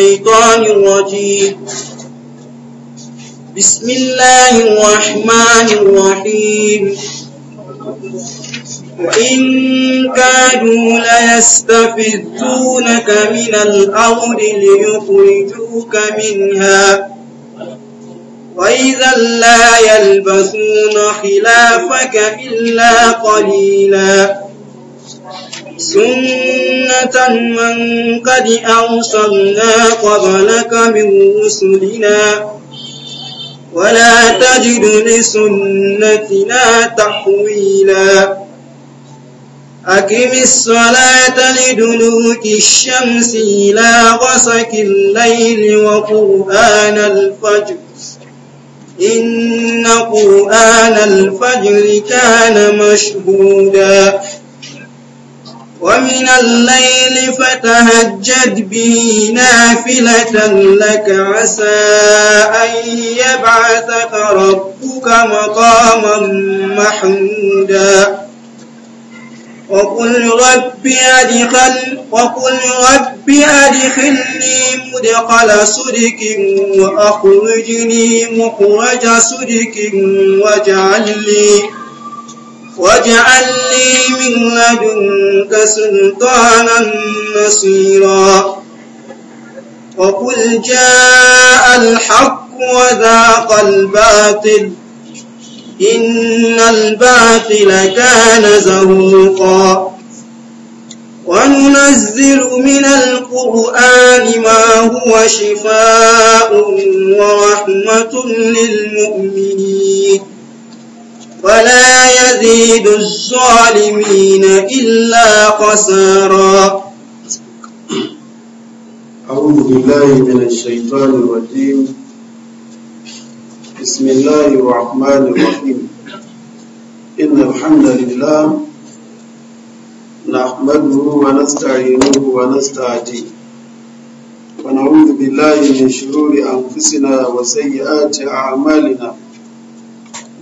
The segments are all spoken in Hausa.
الشيطان الرجيم بسم الله الرحمن الرحيم وإن كانوا ليستفدونك من الأرض ليخرجوك منها وإذا لا يلبثون خلافك إلا قليلاً سنة من قد أرسلنا قبلك من رسلنا ولا تجد لسنتنا تحويلا أقم الصلاة لدلوك الشمس إلى غسك الليل وقرآن الفجر إن قرآن الفجر كان مشهودا ومن الليل فتهجد به نافلة لك عسى أن يبعثك ربك مقاما محمودا وقل رب أدخل وقل رب أدخلني مدخل صدق وأخرجني مخرج صدق واجعل لي واجعل لي من لدنك سلطانا نصيرا وقل جاء الحق وذاق الباطل إن الباطل كان زهوقا وننزل من القرآن ما هو شفاء ورحمة للمؤمنين ولا يزيد الظالمين إلا خسارا أعوذ بالله من الشيطان الرجيم بسم الله الرحمن الرحيم إن الحمد لله نحمده ونستعينه ونستهديه ونعوذ بالله من شرور أنفسنا وسيئات أعمالنا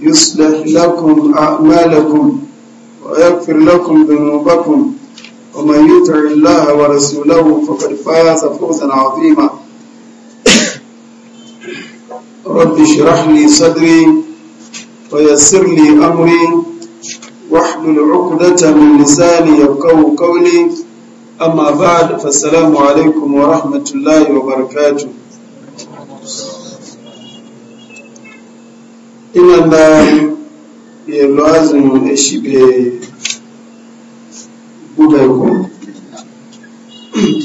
يصلح لكم أعمالكم ويغفر لكم ذنوبكم ومن يطع الله ورسوله فقد فاز فوزا عظيما رب اشرح لي صدري ويسر لي أمري واحلل عقدة من لساني يبقوا قولي أما بعد فالسلام عليكم ورحمة الله وبركاته ina da ya lazim ya shi be gudaiku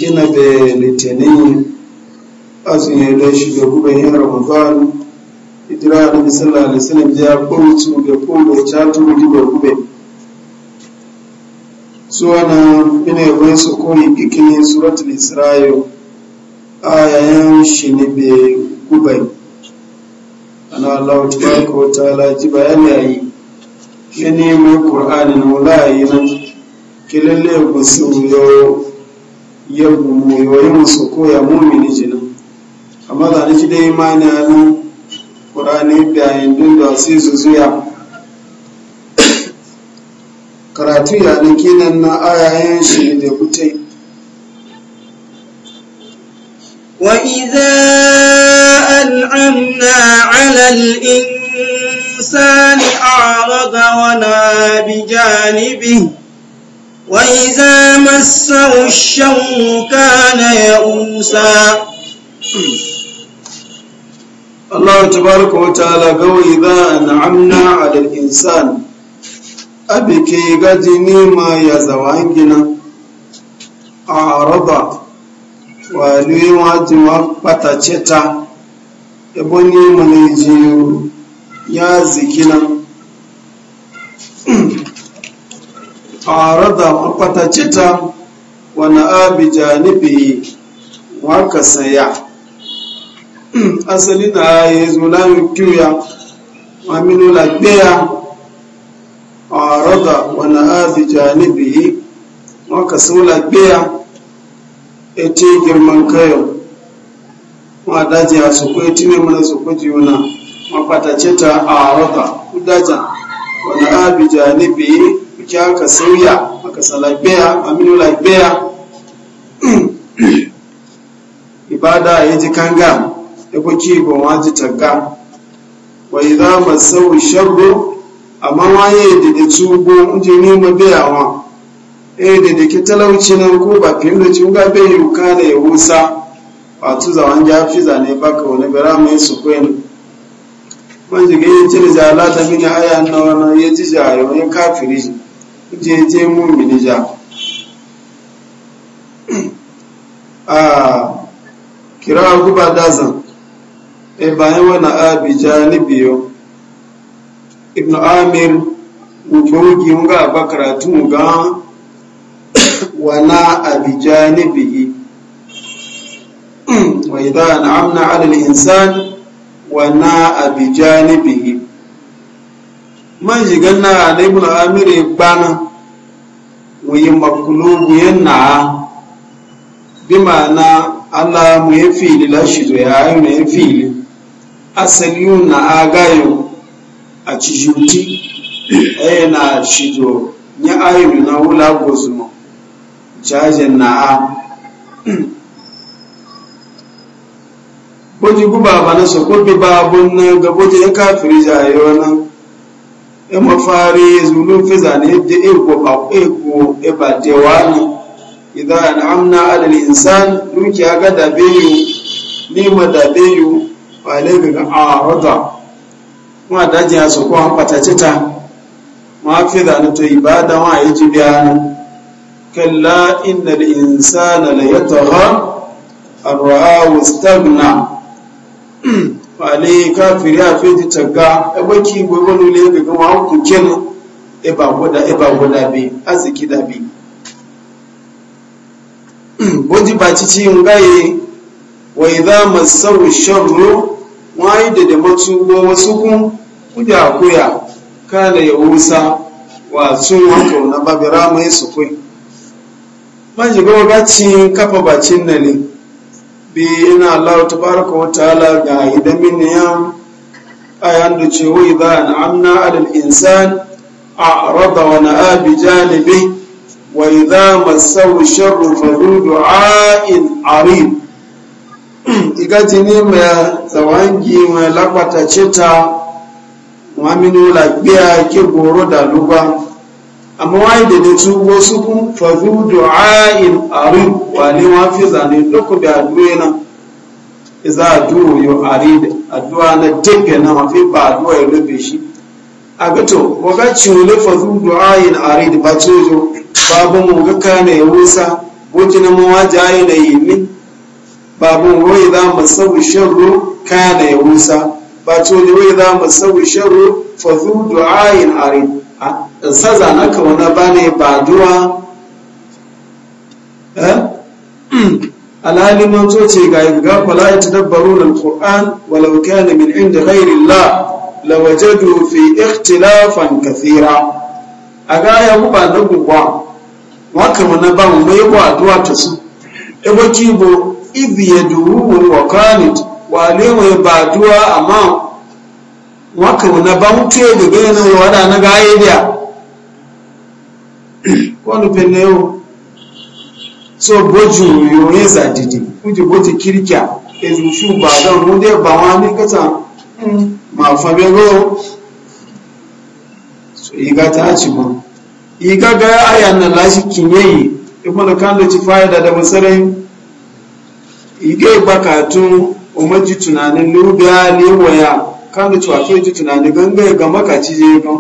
ina da litinin azun ya da shi be gudayen ramadan idira da misalala da sanin da ya kowace ga kowace catu gida gube suwa na ina yawon su koyi ikini suratul isra'il ayayen shi ne be gudayen ana Allah tabaraka wa ta'ala ji bayani ayi kene mai qur'ani na wallahi nan kelele ku su yo ya mu yo ya musu ko ya mu'mini jina amma da ni dai imani na qur'ani da yin dun da sai su zuya karatu ya nan kenan na ayayen shi da kutai Wa وإذا أنعمنا على الإنسان أعرض ونا بجانبه وإذا مسه الشر كان يئوسا الله تبارك وتعالى قوي إذا أنعمنا على الإنسان أبكي قد نيما يزوانجنا أعرض wani wajen wa yaboni mwenyeji ya zikina arada kwatacita wana abi janibihi wakasaya asali na yezulami kiuya waminu la gbea arada wana abi janibihi waka sun la gbea girman kayo ma daji a sukwai tine mana sukwai ji wuna ce ta a Ku daja, wani abi janibi kuke aka sauya aka a aminu lafiya ibada ya ji kanga ya kuki ba waji tagga wai za ma sau sharro amma waye da da tsubo inji nema biyawa eh da da ke talauci nan ko ba fiye da ci ga bai yuka da ya wusa wato zaman jafi zane baka wani gara mai su kwen man jiga yin cire jala ta mini aya na wani ya ji jayo ya kafiri je je mun mini ja a kira guba dazan e bayan wani abi janibiyo ibnu amir ubogi nga abakaratu ga wana abi janibiyi wa idza an'amna 'ala al-insan wa na'a bi janibihi man jiganna da ibn amir bana wa yamakulu yanna bima na Allah mu ya fili lashi to ya ayu ne ya fili asaliyu na agayo a cijuti ɗaya na shido ya ayu na wula gozuma jajen na a kodi ku guba ba na so kodi bi babun na ga kodi ya kafiri yi wani ya mo fari zulu fi zane yadda e ko ba e ko e ba je wani idan an amna al-insan duki ga dabe beyu ni ma dabe beyu ba le ga arada wa da ji so ko an patace ta ma fi zane to ibada wa yi ji biya kalla innal insana la yatagha ar-ra'a wastaghna fale kafiri a feji tagga e baki ne ga gama hukun kenan e ba gwada e ba gwada bi arziki da bi wajen ba ci ciyin gaye wa idza shanro, sharru wai da da matu go wasu kun kuja kuya kana ya wusa wa sun wato na babira mai su kai man shiga wa kafa bacin na ne bi ina Allah baraka wa ta'ala ga idan min ya ayan da ce wai da an'amna alal insan a'rada wa na'a bi janibi wa idza masaw sharru fa du'a'in arid igati ni ma zawangi ma lakwata cheta wa la biya ki goro da luba amma wani da nitu wasu kun fazu du'a'in arin ari. wa fi zane duk da addu'a na iza addu'a yo arid addu'a na dinga na mafi ba addu'a ya rufe shi a gato waga ciwole fazu du'a'in arid ba cojo babu mu ga kana ya wusa goki na mawaja ya na yi min babu wai za mu sau sharru kana ya wusa ba cojo wai za mu sau sharru fazu du'a'in ari. saza na kauna ba ne ba duwa eh? alhali manzo ce ga ga fala ya tadabbaru alquran walau kana min inda ghairi la lawajadu fi ikhtilafan kathira ga ya ku ba da gugwa kama na ba mu bai ba duwa ta su e ba kibo idh yadu wa ne wa lewa ba duwa amma waka na bautuye daga yanayi wada na gaye biya wani fene yau so boju yoyin zadidi kuji boji kirkiya ezu shi ba don wunde ba wani kasa hmm, ma fabe go so iga ta ci ma iga ga aya na lashi kinyeyi ibn e kando ci fa'ida da masarai iga ibaka tun umarci tunanin lubiya ne waya kanu cewa ke ji tunani ganga ga makaci je kan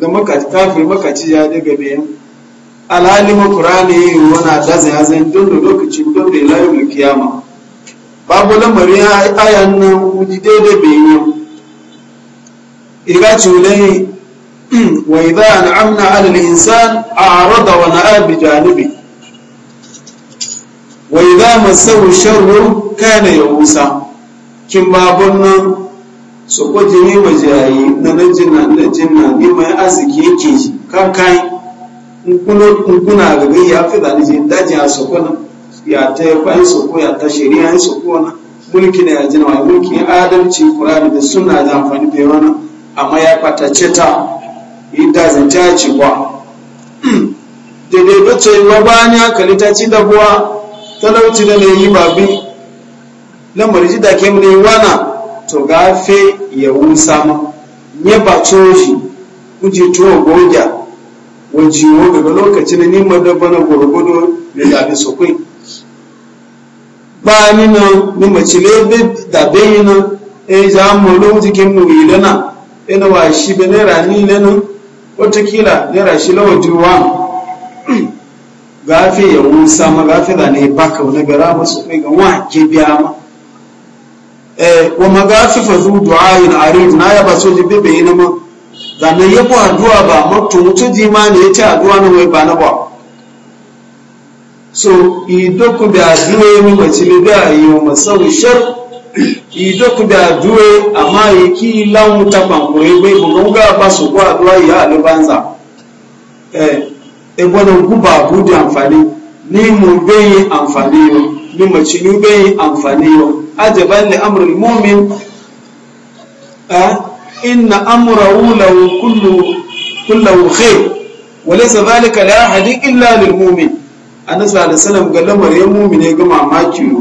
ga makaci kafir makaci ya daga biyan alhalima qur'ani wana da zai zan don da lokaci don da ilahi kiyama babu lamari ayan nan wuji daidai bayan iga culai wa idha an'amna 'ala al-insan a'rada wa na'a bi janibi wa idha massahu sharru kana yawusa kin babun nan so ko jini ma jayi na na jina na jina ni mai asiki yake kan kai in kuna gari ya fi da ni daji a soko na ya ta bayan ko ya ta shari'a ya soko na mulki na ya jina wa mulki ne adalci kurani da suna da amfani da yawa na amma ya ce ta yi da zanta ci kwa daidai ce ma bayan ya ta ci da buwa talauci da na yi babi lamar ji da ke mu ne wana to gafe ya wusa ma nye ba coshi kuje tuwo goja wajiwo daga lokaci na nima da bana gwargwado da zaɓe su kwai ba ni na nima cile da bayi na e za mu lokacin mu yi lana ina e wa shi ba naira ni lana watakila naira shi lawa juwa gafe ya wusa ma gafe da ne baka wani gara su kwai ga wa ke biya ma Eh, wa magafi fa zu du'ayin arid na ya ba soji bebe ina ma zannan ya bu addu'a ba mutu mutu ji ma ne ya ce addu'a na wai ba na ba so idoku da addu'a ni mace ne da yi wa masau shar idoku da addu'a amma ya ki lawu ta yi bai bugun ga ba su ko addu'a ya albanza eh e gwanon guba bu amfani ni mu bai amfani yo ni mace ni bai amfani yo ajaban li amrul mu'min inna amrahu law kullu kullu khair laysa dhalika li ahadin illa lil mu'min annabi sallallahu alaihi wasallam ga lamarin mu'mine ga mamaki yo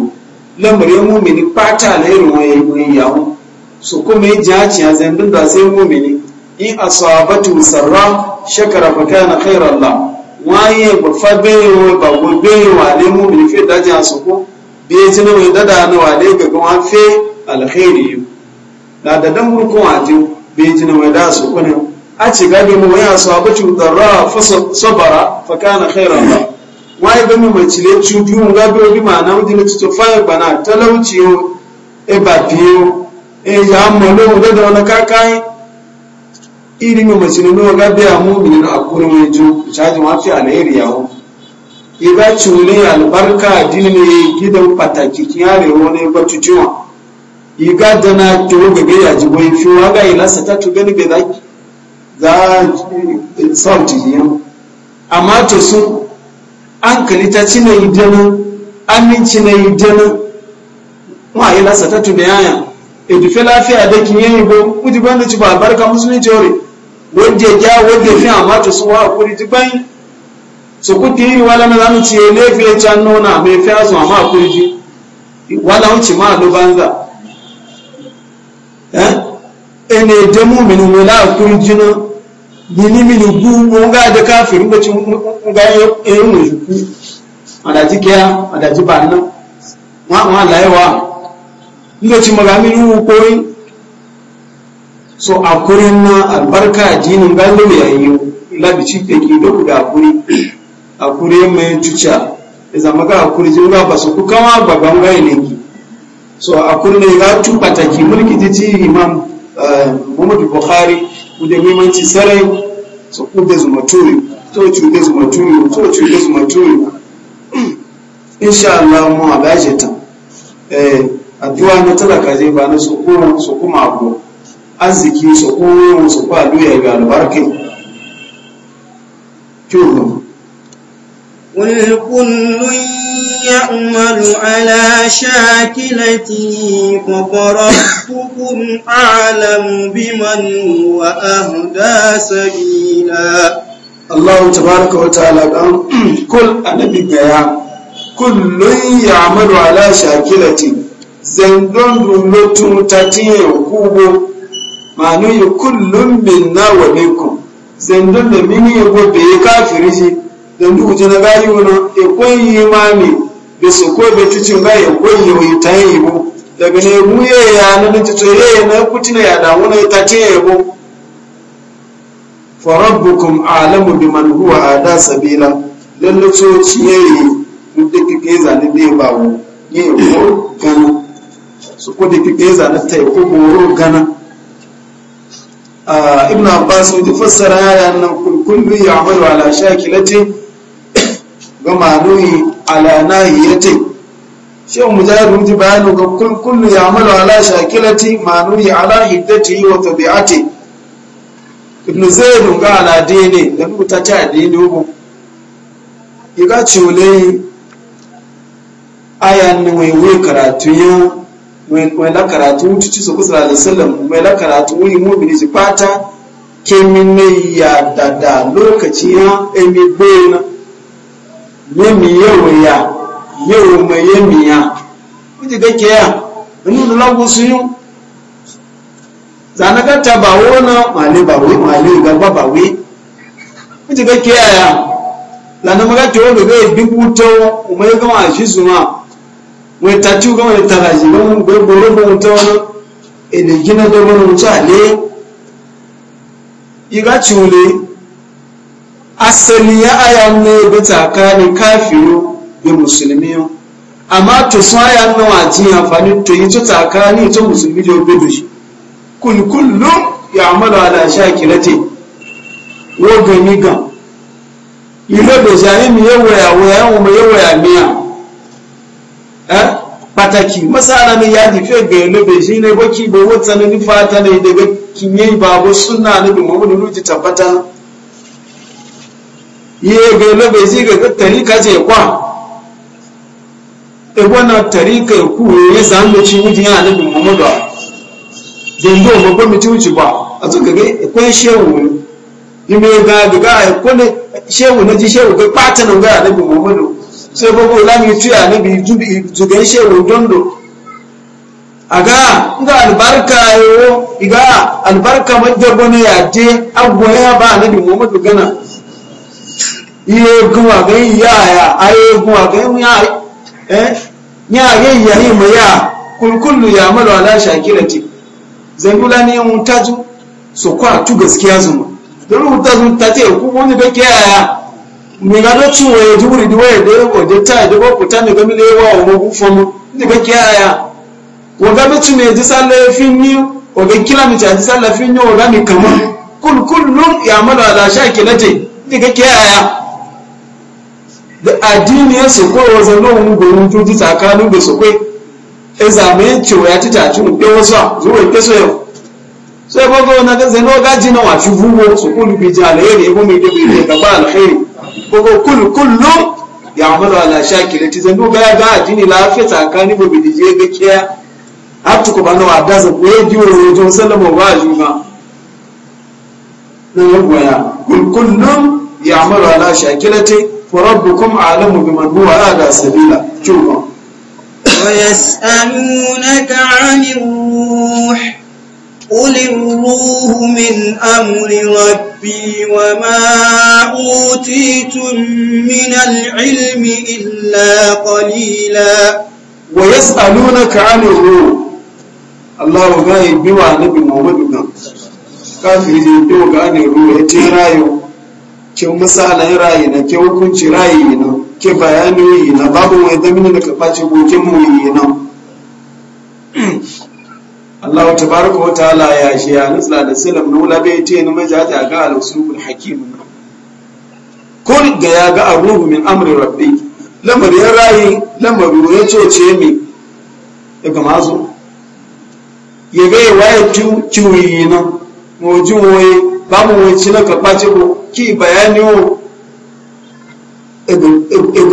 lamarin mu'mine fata ne ruwaye yawo so kuma ya jaci ya zan da sai mu'mine in asabatu sarra shakara fa kana khairan la waye ba fa bayo ba gobe wa le mu'mine fi daji asoko bai ci na mai dada na wale ga kuma fe alkhairi yau na da dan burkun ajo bai ci na mai da su kunin a ci gado mu waya su abu cutarra fa sabara fa kana khairan ba wai ga mu mai cile cutu mu ga bi obi ma na mu dina cuto fa bana talauci yau, e ba biyu. e ya mu lo da da wani kakai iri mu ci na no ga biya mu ne na akuru mai ju caji ma fi alheri yawo iga cule albarka dini gidan pataki kiyare wani batutuwa iga dana kiro gage ya ji bai fi waga ila sata tu gani be zaki za sauti ne amma to su an kalita cina an min na idanu wa ila sata tu be yaya edufe lafiya da kin yayi go kuti banda ci ba albarka musulunci ore wanda ya ja wanda fi amma to su wa kuri ti bai sokuti kuka wala na zanu ce lefi ya can nuna mai fi azu amma kurji wala wuce ma lo banza eh? ene demu min wala kurji na yini min gu ga da kafirin ba ga yin mu adaji kiya adaji banna so akurin na albarka jinin gando yayi labi peki akure mai cuca iza maka akure jin ga basu ku kama ba ganga ne so akure ne ga tuba ta ki mulki titi imam eh, Muhammad Bukhari kuje muhimmanci sarai so kuje zuma turi to cuɗe zuma turi to cuɗe zuma turi insha Allah mu a gaje ta eh addu'a na talaka zai ba na su kuma su kuma abu arziki su kuma su kwa doya ga albarkai kyau قل كل يعمل على شاكلته فربكم أعلم بمن هو أهدى سبيلا الله تبارك وتعالى كل النبي قال كل يعمل على شاكلته zandon dulotun tatiyan kubo manu yi kullum minna wa minkum zandon da mini yabo bai kafiri shi dandu uje na gayi wuna ekwenye koyi imani bisu so ko be tuci ba ya koyi yi daga ne muye ya na tuto ye na kutina ya da wona itatebu fa rabbukum a'lamu biman huwa ada sabila lalle so ciye da ke zani be bawo ye ko gana su ko da ke zani ta ko boro gana ah, ibn abbas da fassara ya nan kullu ya'malu ala shakilati ga manuyi ala nahiyati shehu mujahid ji bayani ga kullu ya amalu ala shakilati manuyi ala hiddati wa tabi'ati ibn zaid ga ala dini da mutu ta dini ubu iga ciwole aya ni wewe karatu ya wewe la karatu tutu so kusala da sallam wewe la karatu wani mu'mini ji fata kemin ne ya dada lokaci ya emi na. yemi yewe ya yewe me yemi na kuje gake ya nunu lagu suyu zana kata ba wona male ba we male ga ba ba we kuje gake ya lana maga to lo be bibuto umwe ga wa shizuma mwe tatu ga mwe taraji ga mwe bolo bo mutono ene gina do mwe ka iga chule asali ya ayan ne bi tsakanin kafiru da musulmi amma to sun aya na wajen amfani to yi to tsakanin to musulmi da obedo shi kulkullu ya amala ala shakilate wo gani gan ilé jani mi yóò wẹ̀ àwọ̀ ẹ̀hún ọmọ yóò wẹ̀ àmì à ẹ́ pàtàkì mọ́sára mi yá di fẹ́ gẹ̀ẹ́ ló bèjì ní ẹgbẹ́ kí ìgbowó tani nífa tani ìdẹ́gbẹ́ kí ní ìbá àbọ̀ súnà níbi mọ́mọ́ nínú ti tàbátá ye ga na bai zai ga tarika ce kwa ebo na tarika ku ye san da ci wujin ya nabi muhammadu dendo mo ko miti wuci ba a to ga e ko shehu ni me ga ga e ko ne shehu na ji shehu ga pata na ga nabi muhammadu sai bo ko lami tu ya nabi jubi juga shehu dondo aga nga albarka yo iga albarka majjabone ya je agwaya ba nabi muhammadu gana iye ogun àgbẹ̀yìn ìyá àyà ayé ogun àgbẹ̀yìn ní àyè yá kulkullu ya mọ̀lọ̀ aláṣà kírẹ̀tì zangula ni yin tazu so kwa tu gaskiya zuma don tazu ta ce ku wani da ke yaya mai gado ciwo ya ji wuri duwa ya dole ko ta ya dole ko ta ne gami da yawa wa mabu famu ni ga ke yaya wa da addini ya sokwe wasu mu gurin tuti tsakanin da sokwe e zame cewa ya ci tacin ɗe wasu a zuwa ɗe so yau so ya fago na gaza na gaji na wafi vugo su kulu bi ji alheri ya gome da bai gaba alheri kogo kulu kullu ya amalu ala shakira ti zanu ga ya ga addini lafiya tsakanin ba bi je ga kiya har tuku ba na wada za ku yi diwo rojo sallama ba a juma na yagwaya kullum ya amalu ala shakira ti فربكم أعلم بمن هو أهدى سبيلا شوفوا ويسألونك عن الروح قل الروح من أمر ربي وما أوتيتم من العلم إلا قليلا ويسألونك عن الروح الله غايب بما نبي محمد كافر يبيو عن الروح تيرايو ke misala ya rayi na ke hukunci rayi na ke bayani yi na babu wai zamini da kafaci gokin mu yi na Allah ta baraka wa ta'ala ya shi ya nutsa da salam na wula bai ce ni majaja ga al-usul hakim ko da ya ga aruhu min amri rabbi lamar ya rayi lamar ya coce mi daga mazo ya ga ya waye tu kiwi na mawajin waye bamu wuce na karɓa ce ko ki bayani wo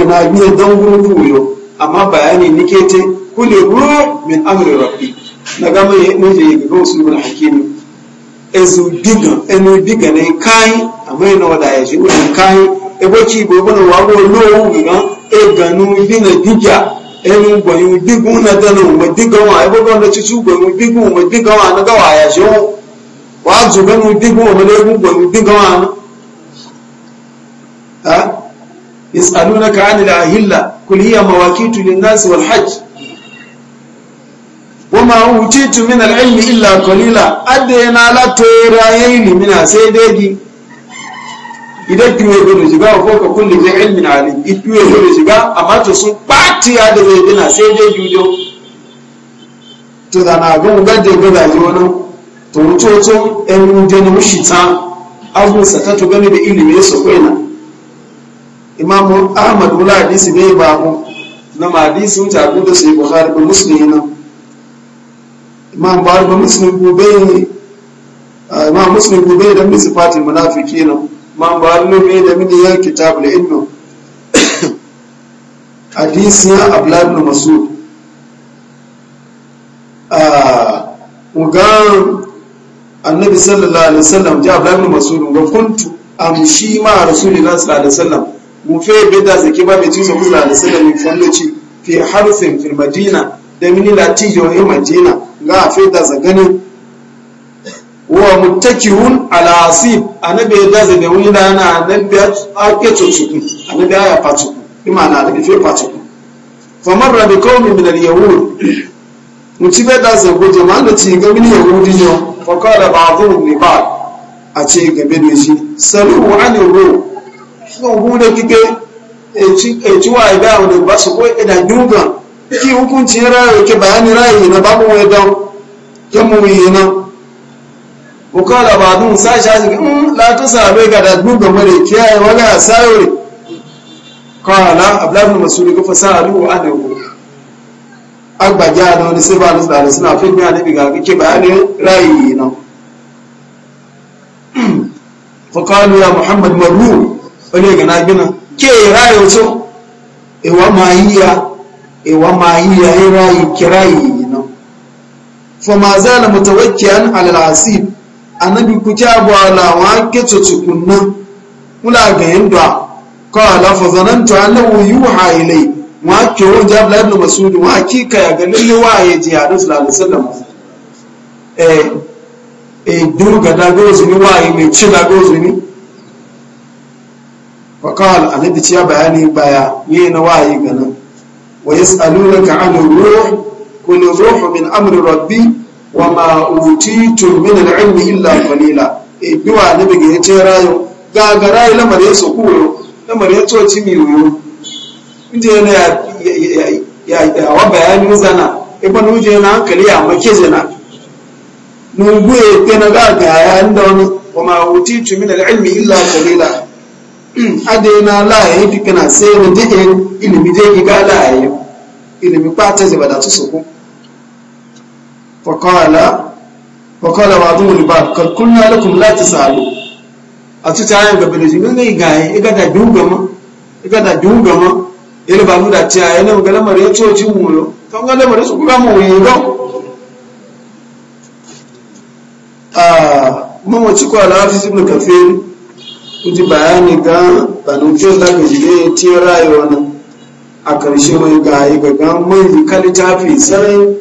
na biya don gudu wuyo amma bayani nike te kule ruwa min amri rabbi na gama ya nije ya gaba wasu na hakimi ezu diga enu diga ne kai amma yana wada ya shi wani kai ebo ki bo bana wago lowo giga eganu dina diga enu gbanyu digun na dana umma diga wa ebo bana cicu gbanyu digun umma diga wa na gawa ya shi wani wàá zò bẹ́nu dígún òun lẹ́gún pẹ̀lú dígún wọn. يسألونك عن الأهلة قل هي مواقيت للناس والحج وما أوتيت من العلم إلا قليلا أدينا min ترايين من سيدي idan kiwe gudu shiga ko ka kulli bi ilmin alim kiwe gudu shiga amma to sun ya da zai dina sai dai gudu to da na ga mu to wucocin ɗan jini shita azun sata to gani da ilimi ya su kwaina imamu ahmad wula hadisi bai ba babu na ma hadisin abu da sai buhari ba musulmi na? imam buhari ba musulmi gobe ah, imam musulmi gobe da misi fatin munafiki nan imam buhari ne da mini yan kitabul ilmi hadisi ya abla na masu? a ah, mugan annabi sallallahu alaihi wasallam ja abdullahi ibn mas'ud ga kuntu amshi ma rasulillahi sallallahu alaihi wasallam mu fe beda zaki ba be tisa sallallahu alaihi wasallam fondo ci fi harfin fil madina da mini ti yo yo madina ga fe da zagani wa muttakihun ala asib annabi da zabe wani da na annabi ake tsotsuku annabi aya fatu imana da fe fatu famarra bi qaumin min al-yahud muci bai da ko jama'a da ci ga mini yahudi ne fa kala ba'dhum ni ba a ce ga bin shi salu wa ne ru so hude kike e ci e ci wa ga wanda ba su ko da duga ki hukunci rayo ke bayani yi na babu wai yi na yana wa ba dun sa shaji in la tusabe ga da duga mare kiyaye wala sayore kala abdullahi masu ko fasalu wa ani ru agbaja da wani sirba na tsare suna filmi a nabi ga kake bayanin ra'ayi nan fakalu ya muhammad marru wani ga na gina ke ra'ayi wato ewa mahiya ewa mahiya ya ra'ayi kirayi nan fa ma zala mutawakkiyan alal asib annabi ku ta bwala wa ke tsukunna kula ga yanda qala fa zanantu annahu yuha ilayhi wakil wani wo ja abdullahi ibn mas'ud wa hakika ya ganin lalle wa ya ji hadis sallallahu alaihi wasallam eh eh durga da gozu ni wa yi mai ci da gozu ni fa qala annabi ciya bayani baya yi na wa yi gana wa yas'alunaka 'an ruh qul ruhu min amri rabbi wa ma utitu min al-'ilmi illa qalila Eh biwa annabi ga ya ce rayo ga ga rayo lamar ya sokuro lamar ya tsoci mi wuyo yaa yana ya wa bayanin zana ibn wuce na hankali ya make zana nungu na ga ga yayin da wani wa ma utitu min ilmi illa qalila adena la ya yi kana sai ne ga ilimi da jimin ne ga ya ga da dị ma. ele ba mu da ti a ene ngala mare cho ji mu ka ngala mare não kuga mu yi lo ah mu mu ci ko ala hafiz ibn bayani ga banu cho da ga jige ti rayuwa nan a karshe mai ga yi ga ga mun yi kalitafi sai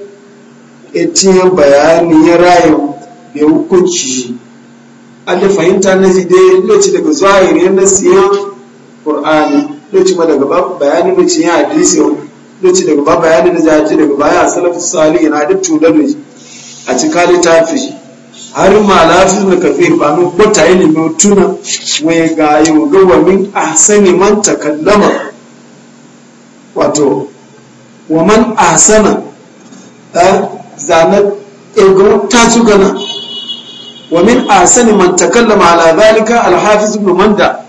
etiyan bayani ya rayu mai hukunci fahimta na zide de daga zuwa yanayi na por ƙur'ani lokaci ma daga bayanin da ci ya hadisi lokaci daga ba bayanin da zai ci daga baya salafu salihin na duk tudar ne a cika littafi har ma lafi na kafin ba mun kwata yi ne tuna wai ga yau gawa min ahsani man takallama wato wa man ahsana eh, zanar ego eh, ta su gana wa min ahsani man takallama ala zalika alhafiz ibn manda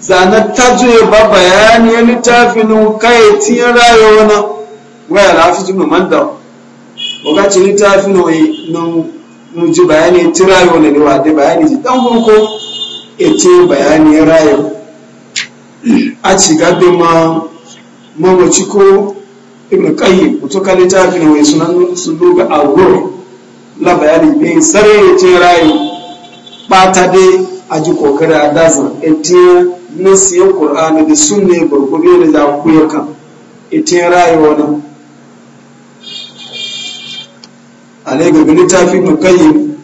zana ta zuye ba bayani ya littafin kai tin rayuwa na waya rafi jibin manda wakacin littafin na ji bayani ti rayuwa na lewa da bayani ji dan gunko ya ce bayani ya rayuwa a ci gabin ma mamaci ko ibn qayyim mutu ka littafin wai sunan sun duba a wuri na bayani bin sare ya ce rayuwa ba ta dai a ji kokari a dazin e na siyan ƙur'ani da sun ne gurgurbe da za ku yi kan itin rayuwa nan a ne gabi littafi mukayyim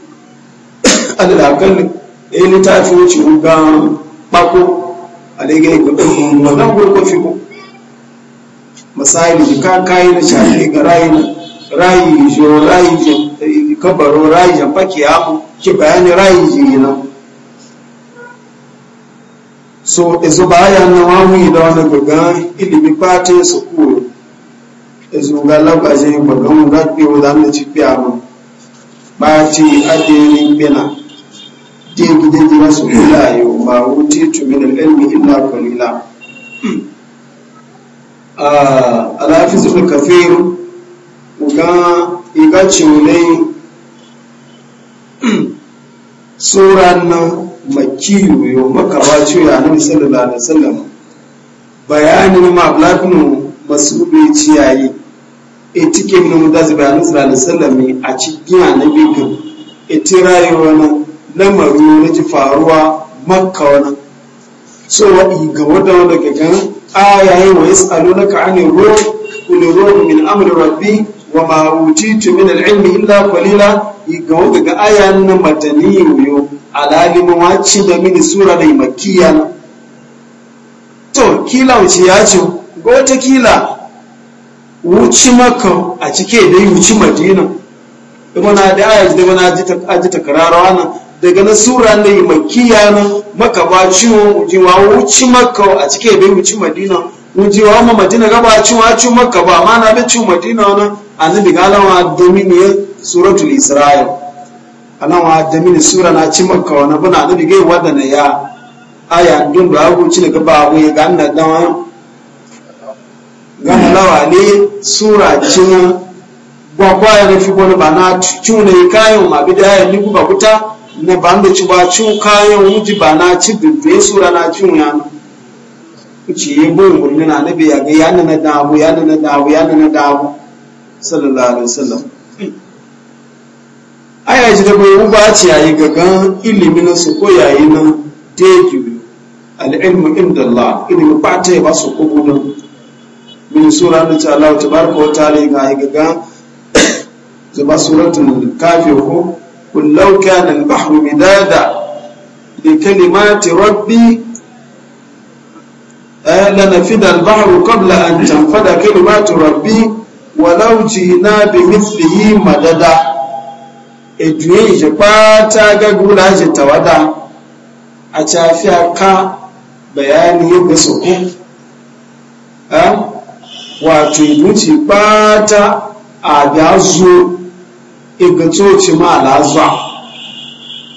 alaƙal ya eh, littafi wuce ga ɓako a ne gabi wannan gurgurfi ko masayi da kayi na shafi ga rayu rayu jo rayu eh, kabaro rayu jamfa ke amu ki bayani rayu ji nan so ezo baya na wamu ida wani gagan ilimi pate su kuro ezo ga labaje gagan ga biyo da na ci ba biya mu bati adini bina je gide jira su kula yo ba wuti tu min ilmi illa qalila ah alafiz ibn kafir ga iga ciwulai sura nan makiyu yo makawa cewa da sallallahu da wasallam bayanin ma blakinu ube ciyayi e tike min da su bayanin da alaihi ne a cikin annabi kan e rayuwa na lamaru na ji faruwa makka wana so waɗi ga wadda wadda ga gan ayaye wa yas'alunaka anir ruh qul ruhu min amri rabbi wa ma utitu min al illa qalila ga wanda ga ayan madani matani yo alalimu wace da mini sura da makkiya to kila wuce ya ce go ta kila wuci maka a cike da wuci madina ibana da ayat da bana ji ta aji ta kararawa nan daga na sura da makkiya nan maka ba ciwo ji wa wuci maka a cike da wuci madina wuji wa ma madina ga ba ciwo ciwo maka ba ma na da ciwo madina nan annabi galawa domin ya suratul isra'il alawa domin sura na ci makka wani bana annabi gai wadana ya aya don da abu ci daga ba wai ga annan dawa ga halawa ne sura ci cin gwakwaya na fi gwani ba na cune kayan ma bi da ya liku ba kuta na ba da ci ba ci kayan wuji ba na ci dubbe sura na ci ya na ci yi bon na annabi ya ga ya na na dawo ya na na dawo ya na na dawo sallallahu alaihi wasallam aya ji da bai ba ci yayi gagan ilimi na su ko yayi na deju al-ilmu inda Allah ilimin ba ta ba su ko gudun min sura ta Allah tabaraka wa ta'ala ga yayi gagan zuba suratul kafir ko qul law kana al-bahru midada li kalimati rabbi لنفد البحر قبل أن تنفد كلمات ربي walau jina bi mithlihi madada eduye ije pata gagula je tawada a tafiya ka bayani yadda su ku wato ibuci pata a ga zo igatoci ma alazwa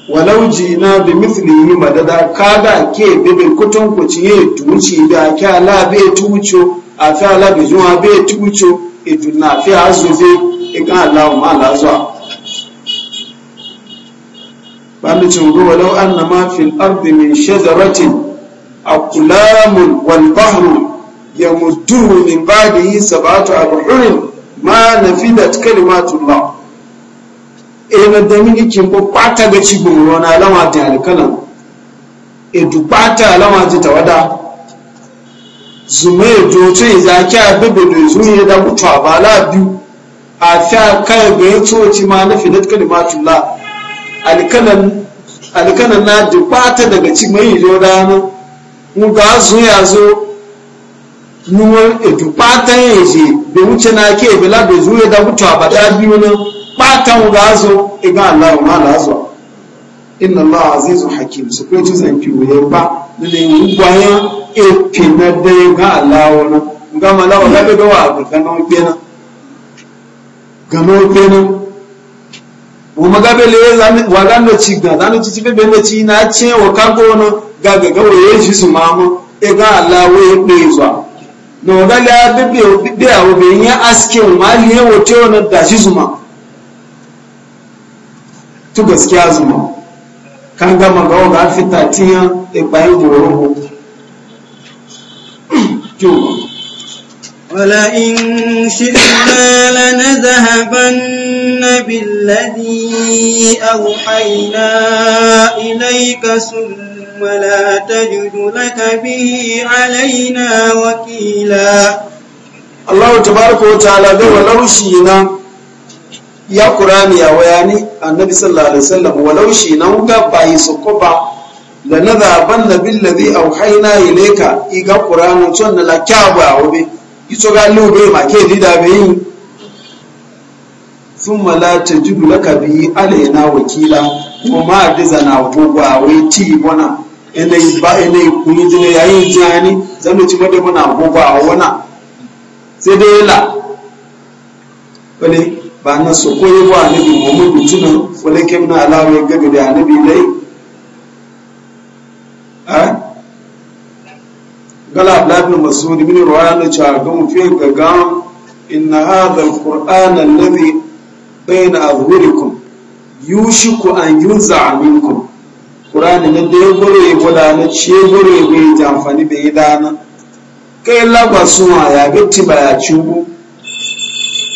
walau jina bi mithlihi madada kada ke bebe kutun ku ciye tuci da ke ala be tuco a fi ala be zuwa be tuco ìdùnnà fi àzòfé ìkan aláwọ̀ máa lázọ́ bámicin gúwọ́lọ́ annama fi ardi min shazaratin akulamun walbahru ya muduru min bada yi sabatu a buhurin ma na fi da kalimatullah ina da milikin ko kwata ga cibin ruwa na alama kwata ta tawada zume joto izaki abebe da ya da mutuwa ba la biyu a fiya kayan ga ya tsoci ma na filat kalimatullah alkanan na dubata daga ci mai ilo rana mu ga zo ya zo nuwar e dubata ya je da wuce na ke bila da zuye da mutuwa ba da biyu na bata mu ga zo iga e Allah ma la zo inna Allah azizun hakim su kai tuzan kiwo ya ba da ne mu eke na dai ga alawo na ga malawo na daga wa ga na bena ga na bena wo maga bele za wa ga ci ga za no ci be be ci na ce wa ka go no ga ga ga wo yeji su mamu e ga alawo e pe zo na ga la be be be a wo be yin aske wo ma liye wo te wo na da shi ma tu gaskiya zuma kan ga maga wa ga fitatiya e bayin goro جو ولئن شئنا لنذهبن بالذي أوحينا إليك ثم لا تجد لك به علينا وكيلا الله تبارك وتعالى ولو شئنا يا قرآن يا وياني النبي صلى الله عليه وسلم ولو شئنا وقبع يسقبع la nadha banna bil ladhi awhayna ilayka iga qur'anu tonna la kyaba obe iso ga lube ma ke dida be yi thumma la tajidu laka bi alayna wakila kuma ma dizana gogwa we ti bona ene ba ene kuni jine yayin jani zamu ci mana muna a wana sai dai la wani ba na so koyi ba ne bi mu mutu tunan wani kemna alawa ya gaga da annabi dai gala abdullahi masudi min ruwaya na cha ga mu fi gaga inna hadha alqur'ana alladhi bayna azhurikum yushiku an yunza minkum qur'ani ne da gore goda na ce gore bai jamfani bai dana kai lagwa suma ya gitti ba ya cubu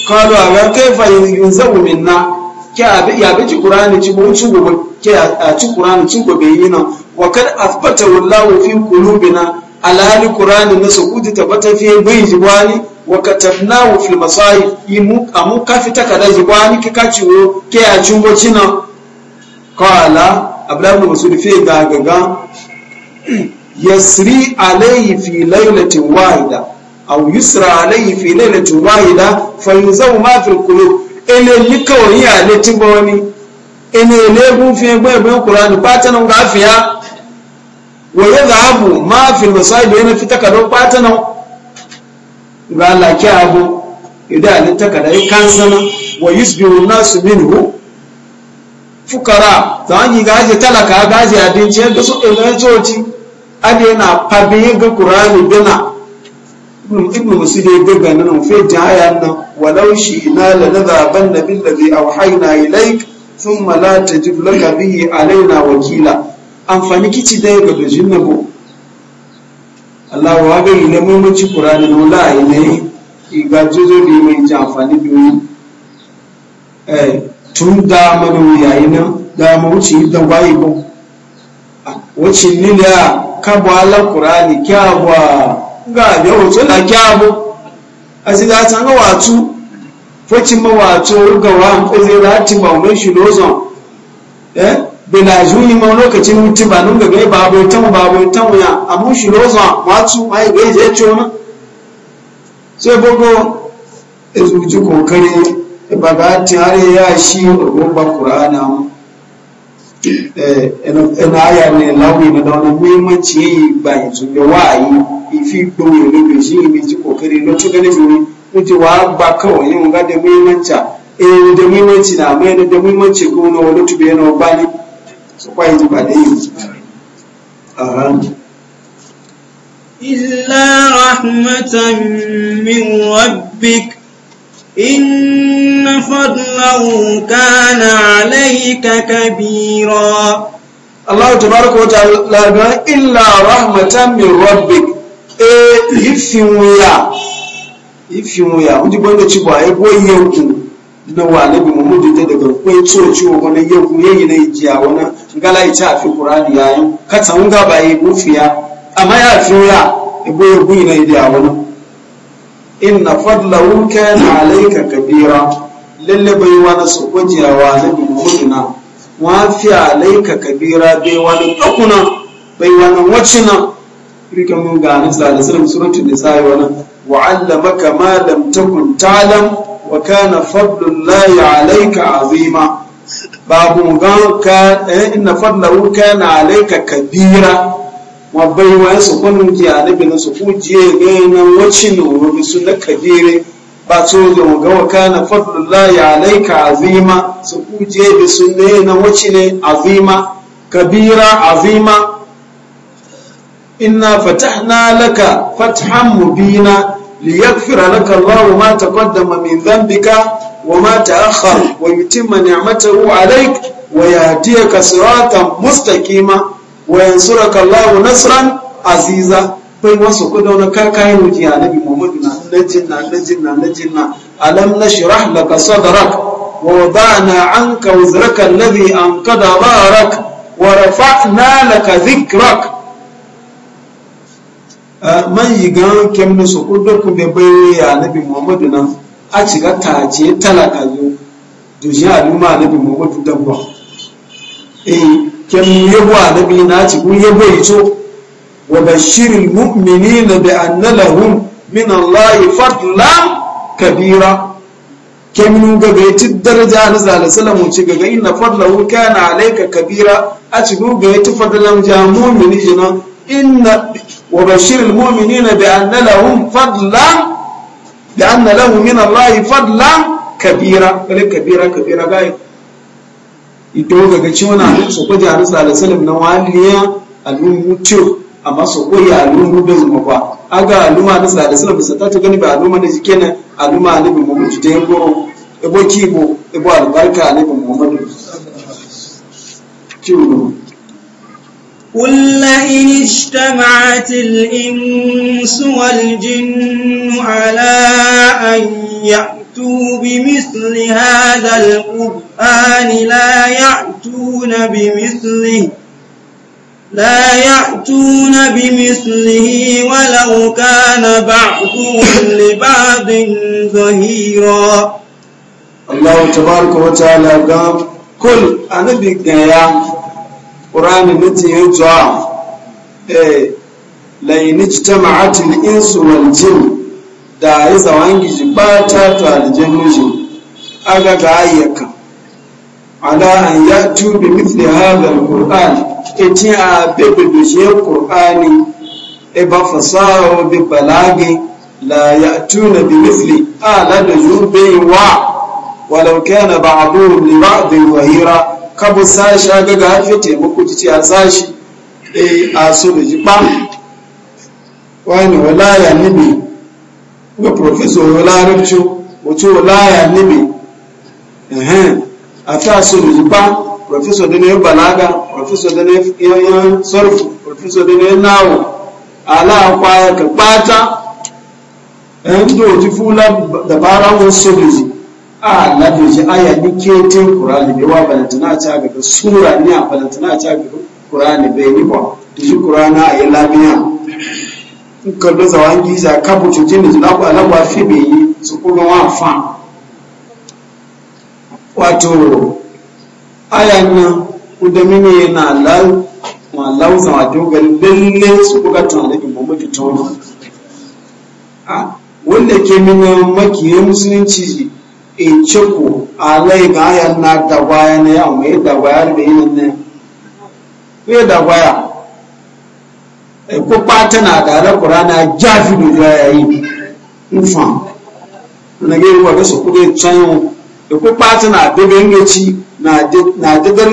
kalu aga kai fa yunzabu minna ke ya bi qur'ani ci bo ci go ke a ci qur'ani ci go bai yi na wa kad athbata wallahu fi qulubina alhali qur'ani na sukuti tabata fi bai jibwani wa katafnahu fil masahif imu amu kafita da jibwani kikachiwo ke a chumbo china qala abdullahi masud fi gagaga yasri alayhi fi laylatin wahida aw yusra alayhi fi laylatin wahida fayuzaw ma fil qulub ele likawo ya letin bawani ene legun fi gbe gbe qur'ani patana ngafiya wa ya zahabu ma fil masaib yana fi takadon batanan ga laki abu idan ni takadai kan sana wa yusbihu min minhu fukara za a yi gaji talaka gaji abinci yadda su coci. adi na fabi ga kurani bina ibn musu da ya gaga nan fe jaya nan walau shi ina la nazaban da billazi auhayna ilaik thumma la tajib laka bihi alaina wakila amfani kici da ya gado jin nabo Allah wa ga ina mamaci Qur'ani no la ina iga jojo di mai ji amfani doyi eh tun da manu yayi nan da mu wuce da wayi ko wace ni da ka bo Allah Qur'ani kya ba ga da wato la kya bo asi da san ga wato focin ma wato ga wa ko zai rati ba mun shi lozon eh bela juni ma lokacin mutu ba nun ba bai ta mu bai ta mu ya abu shi roza watu ma gai je ce wani sai bogo ezuji kokari ba ga ti har ya shi roba qur'ana mu eh ina aya ne lawi na da wani muhimmanci yi ba yanzu da wa'ayi ifi ne olóbi shi ibi ji kokari lọ́tún gẹ́lẹ́ mi ji wa ba kawai yin ga da muhimmanci eh da muhimmanci na mai da muhimmanci na wani tube yana bani su kwaye ji ba da yi إلا رحمة من ربك إن فضله كان عليك كبيرا الله تبارك وتعالى إلا رحمة من ربك إيه يفهم ويا يفهم ويا ودي بقول لك شو بقى يبغى يوكل na wa nabi muhammadu ta daga kwai coci wa wani yau kuma yi na yi ijiya wani ngala ita a fi qur'ani yayin katsa mun ga baye mufiya amma ya fi ya ibo ya buyi na yi ijiya wani In na inna fadlahu kana alayka kabira lalle bai wani su kwajiyawa nabi muhammadu na wa fi alayka kabira bai wani dakuna bai wani na? rika mun ga annabi sallallahu alaihi wasallam suratul yi wani wa'allamaka ma lam takun ta'lam wa kana fadlullahi alayka azima babu gan ka eh, inna fadlahu kana alayka kabira wa bai wa su kunun ki annabi na su fujiye ga nan wacin wuri su na kabire ba to da ga wa kana fadlullahi alayka azima su fujiye bi sunne na wacin azima kabira azima inna fatahna laka fathan mubina ليغفر لك الله ما تقدم من ذنبك وما تأخر ويتم نعمته عليك ويهديك صراطا مستقيما وينصرك الله نصرا عزيزا bai wasu kudu na karkayi wuce a nabi muhammadu na najinna najinna najinna alam na shirah laka sadrak wa wada'na anka wuzraka alladhi anqada dhahrak wa na laka dhikrak Eh, man yi gan kemnu su kudu kun bai bai ya nabi muhammadu nan a shiga tace talaka zo a luma nabi muhammadu dabba eh kemnu yabo a nabi na ci kun yabo yi to wa bashirin mu'mini na bi anna lahum min allahi fadlan kabira kemnu ga bai ci daraja na zalisala mu ci gaga inna fadlahu kana alayka kabira a ci ga ya ci fadlan jamu mini jina inna وبشر المؤمنين بأن لهم فضلا بأن له من الله فضلا كبيرا كبيرا كبيرا غاية idan ga ga cewa na so ko jihar sallallahu alaihi na waliya alummu tiyo amma so ko alummu bai zuma ba aga alumma da sallallahu alaihi ta ta gani ba alumma jike na alumma ne bi mu ji dai go ebo kibo a albarka ne قل لئن اجتمعت الإنس والجن على أن يأتوا بمثل هذا القرآن لا يأتون بمثله لا يأتون بمثله ولو كان بعضهم لبعض ظهيرا الله تبارك وتعالى قال كل أنا بك يا qur'ani nati yanzu a eh laini jitama'ati al-insu wal jin da iza wangi jibata to aljannu aga ga ayyaka ala an yatu bi mithli hadha al-qur'an eti a bebe do je qur'ani e ba fasaha bi balagi la yatuna bi mithli ala da jube wa walau kana ba'dhum li ba'd wahira kabo sashi aga ga hafi taimako ci a sashi eh, a so da ji ba wani walaya nimi ga profesor larabci wato walaya nimi a ta so da ji ba profesor da ne balaga profesor da ne yan sarfu profesor da ne nawo ala kwaya ka bata yan doji fula da bara wasu sojoji a lafi shi aya ni ketin kurani bai wa balantana ta gaga sura ni a balantana ta gaga kurani bai ni ba da shi kurana a yi labiya in ka da zawan giza ka buce jin da zulaku alagwa fi bai yi su kuma wa fa wato aya na kuda mini yana lal ma lau sama dogon lalle su kuka tunanin mu mamaji tono wanda ke mini makiye musulunci ichiku alai ga aya na dagwaya ne ya dagwaya da yin ne ya dagwaya ko na da ala qur'ana jafi bi ya yi nfa na ge wa ga su ku de tsayo na na na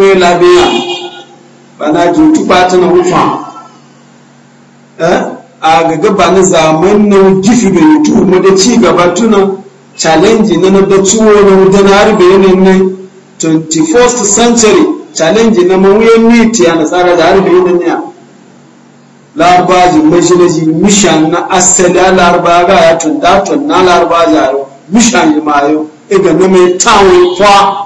ya bana ju tu pata na eh a ga bana zamanin mu da ci gaba challenge na na batuwo na wudana harbe yanayin na 21st century challenge na mawuyan miti a nasara da harbe yanayin ya larbaji majinaji mishan na asali a larba ga ya tunda na larba ya yau mishan yi ma yau iga na mai tawo kwa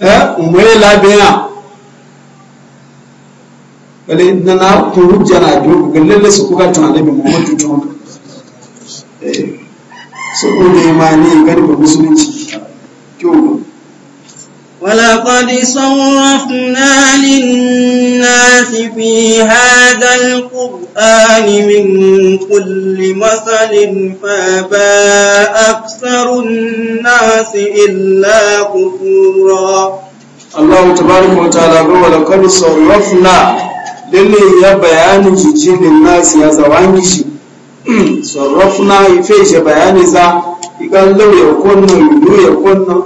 eh umwe labiya wale na na kuru jana biyu ga lalle su kuka tunanin mai muhammadu tunanin saboda ya mani garba musulunci kyau ولقد صرفنا للناس في هذا القرآن من كل مثل فابى أكثر الناس إلا كفورا الله تبارك وتعالى قال ولقد صرفنا للي يا جيجي للناس يا زوانجي sarrafna ife shi bayani za ikan lau ya kwanna yuyu ya kwanna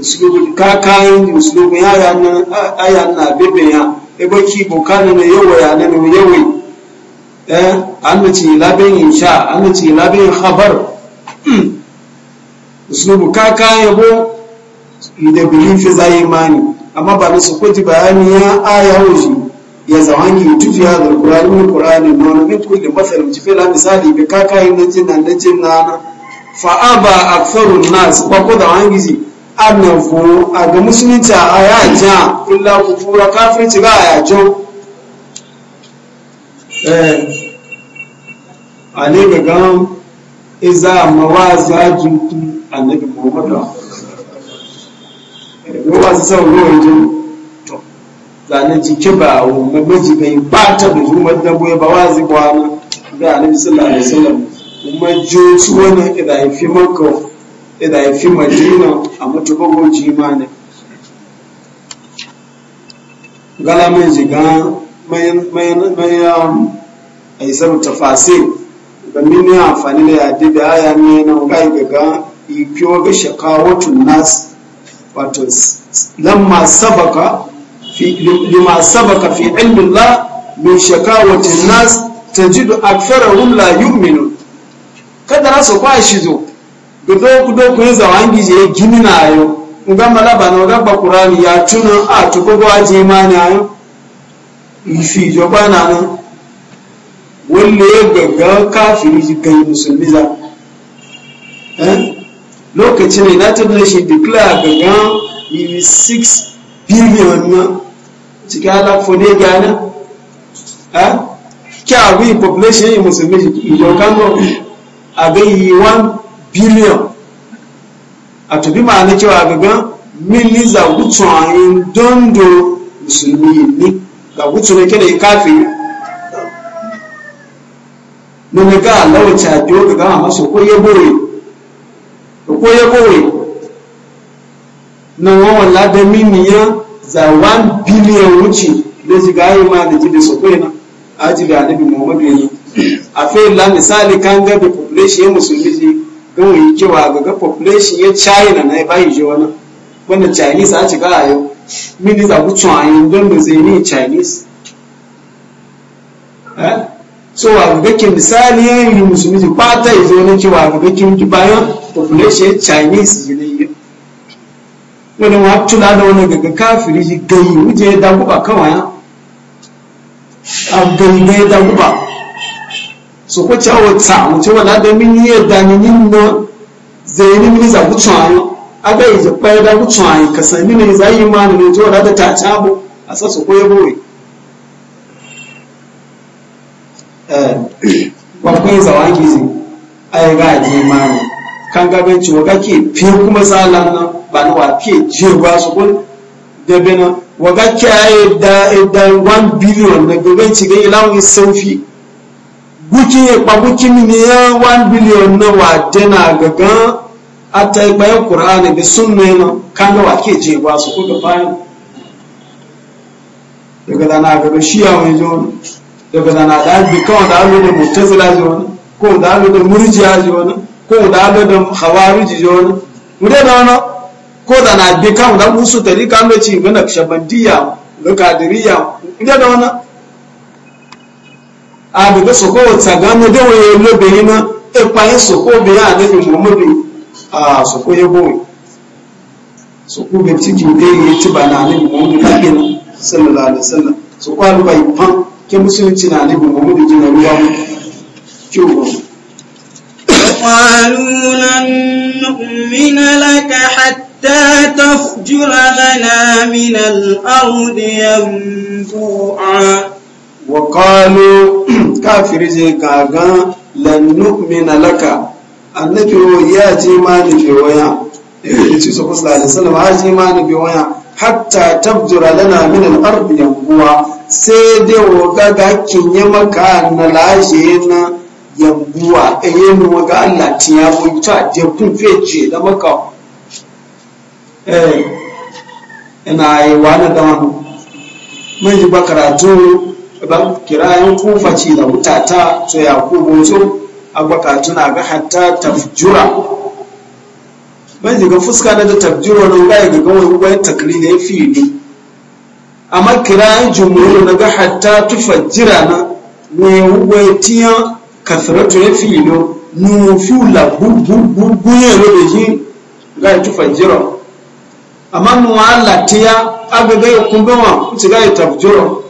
usulubin kakayin usulubin ayan na bebe ya ebe ki bukana na yawa ya na mai yawai eh an na ce labin insha an na ce labin khabar usulubin kakayin bo da bilin fi zai imani amma ba da kwaji bayani ya aya hoji ya zawani yutufi ya da kurani wani kurani na wani min kulli matsalin ci fela misali bi kaka yi na jin na na jin na na fa'a ba a farun nas ba ko da wani gizi annan fo a ga musulunci a ya ja illa ku tura kafirci ba a ya jo eh, a ne ga gan iza mawaza jintu annabi muhammadu eh, wa wasu sau ruwan jintu zane jike ba wa maji bai bata da zumar dabo ba wazi bwana ga annabi sallallahu alaihi wasallam kuma su wani idan ya fi maka idan ya fi madina a mutuba goji ma ne gala mai jiga mayan um, aisar tafasir ga mini amfani da yadda da aya ne na ga gaga ikiyo ga shakawatun nas wato lamma sabaka لما سبق في علم الله من شكاوة الناس تجد أكثرهم لا يؤمنون kada na su kwashi zo ga doku doku yin zawan gije ya gini na ayo nga malaba na kurani ya tuna a tukogo aje ma na ayo ifi joba na nan wanda ya gaga kafiri ji kai musulmi za lokacin da ta shi declare gaga 6 billion na cikin halafo ne gane a kí àwọn population yìí musulmi ìjọkan náà yi one billion àtòbí máa ní kí wà gbẹ̀gbọ́n millions musulmi ne ní àwùtàn ní kéde káfí nínú ká àlọ́wọ̀ tí a dúró gbẹ̀gbọ́n àmọ́ sọ kó yẹ bóyè kó yẹ bóyè náà wọ́n wọ̀ ládẹ́ da 1 billion wuce da shiga yi ma da jide su kwaina a ji da alibi muhammadu yanzu a fayin la misali kan ga da population ya musulmi ji don yi kewa ga ga population ya china na ya bayi ji wani wanda chinese a ci a yau mini za ku a yi don da zai ne chinese eh? so a gakin misali ya yi musulmi ji ba ta yi zo ne kewa ga gakin bayan population chinese ji ne wani wacce na da wani gaga kafiri shi gayi wuce ya ba kawai ya a gangan ya daguba so ko cewa ta mu cewa la da min ya dani ni nin zai ni min za ku a aga yi jabba ya da ku tsawo ka sani mai zai yi mani ne cewa da ta cabo a sa su koyo boye kwakwai eh, wa kun zawangi ai ga ji mani kan gaban ciwo kake fi kuma salan nan baluwa ke fiye jewa su kun da bena waga kyaye da e da 1 billion na gobe ci ga ilawun sanfi guki ya pa guki mini ne 1 billion na wa tana gaga ata ipa ya qur'ani da sunna na kan wa ke jewa su kun da bayan daga da na ga shi ya wani zo daga da na da bi kawai da alu da mutazila jon ko da alu da murjiya jon ko da alu da khawarij jon mu da na ko da na bi kan da musu tari kan da ci ga na shabandiya ga inda da wani a daga soko wata gano da waye lobe na ikpayin e soko biya ya da bi muhammadu a soko ya bo soko bai ciki da ya ci ba na ne na lakin sallallahu alaihi wasallam soko alubai fan ke musulunci na ne muhammadu jinaruwa kyau قالوا لن نؤمن لك حتى تفجر لنا من الأرض ينبوعا وقالوا كافر زيكاغا لن نؤمن لك annabi ya ji mani bi waya yace su sallallahu alaihi ma ya ji waya hatta tabdura lana min al-ard yanquwa sai dai woga ga kinye maka na lashe na yi eyenu waga Allah tiya mu ta je kun feje da maka eh ina yi wani da wani mun ji bakaratu ba kirayen kufa ci da mutata to ya kubo a abakatu na ga hatta tafjura mun yi ga fuska da ta tafjura don ga ga wani wani takri ya fi ne amma kirayen jumuru na ga hatta tufajira na ne wani tiyan kasaratu ya fi ilo nufula gbugbugbugbunye robe ji ga tufa jiro amma nuwa latiya agaga ya kumbewa kuci ga ya tafjiro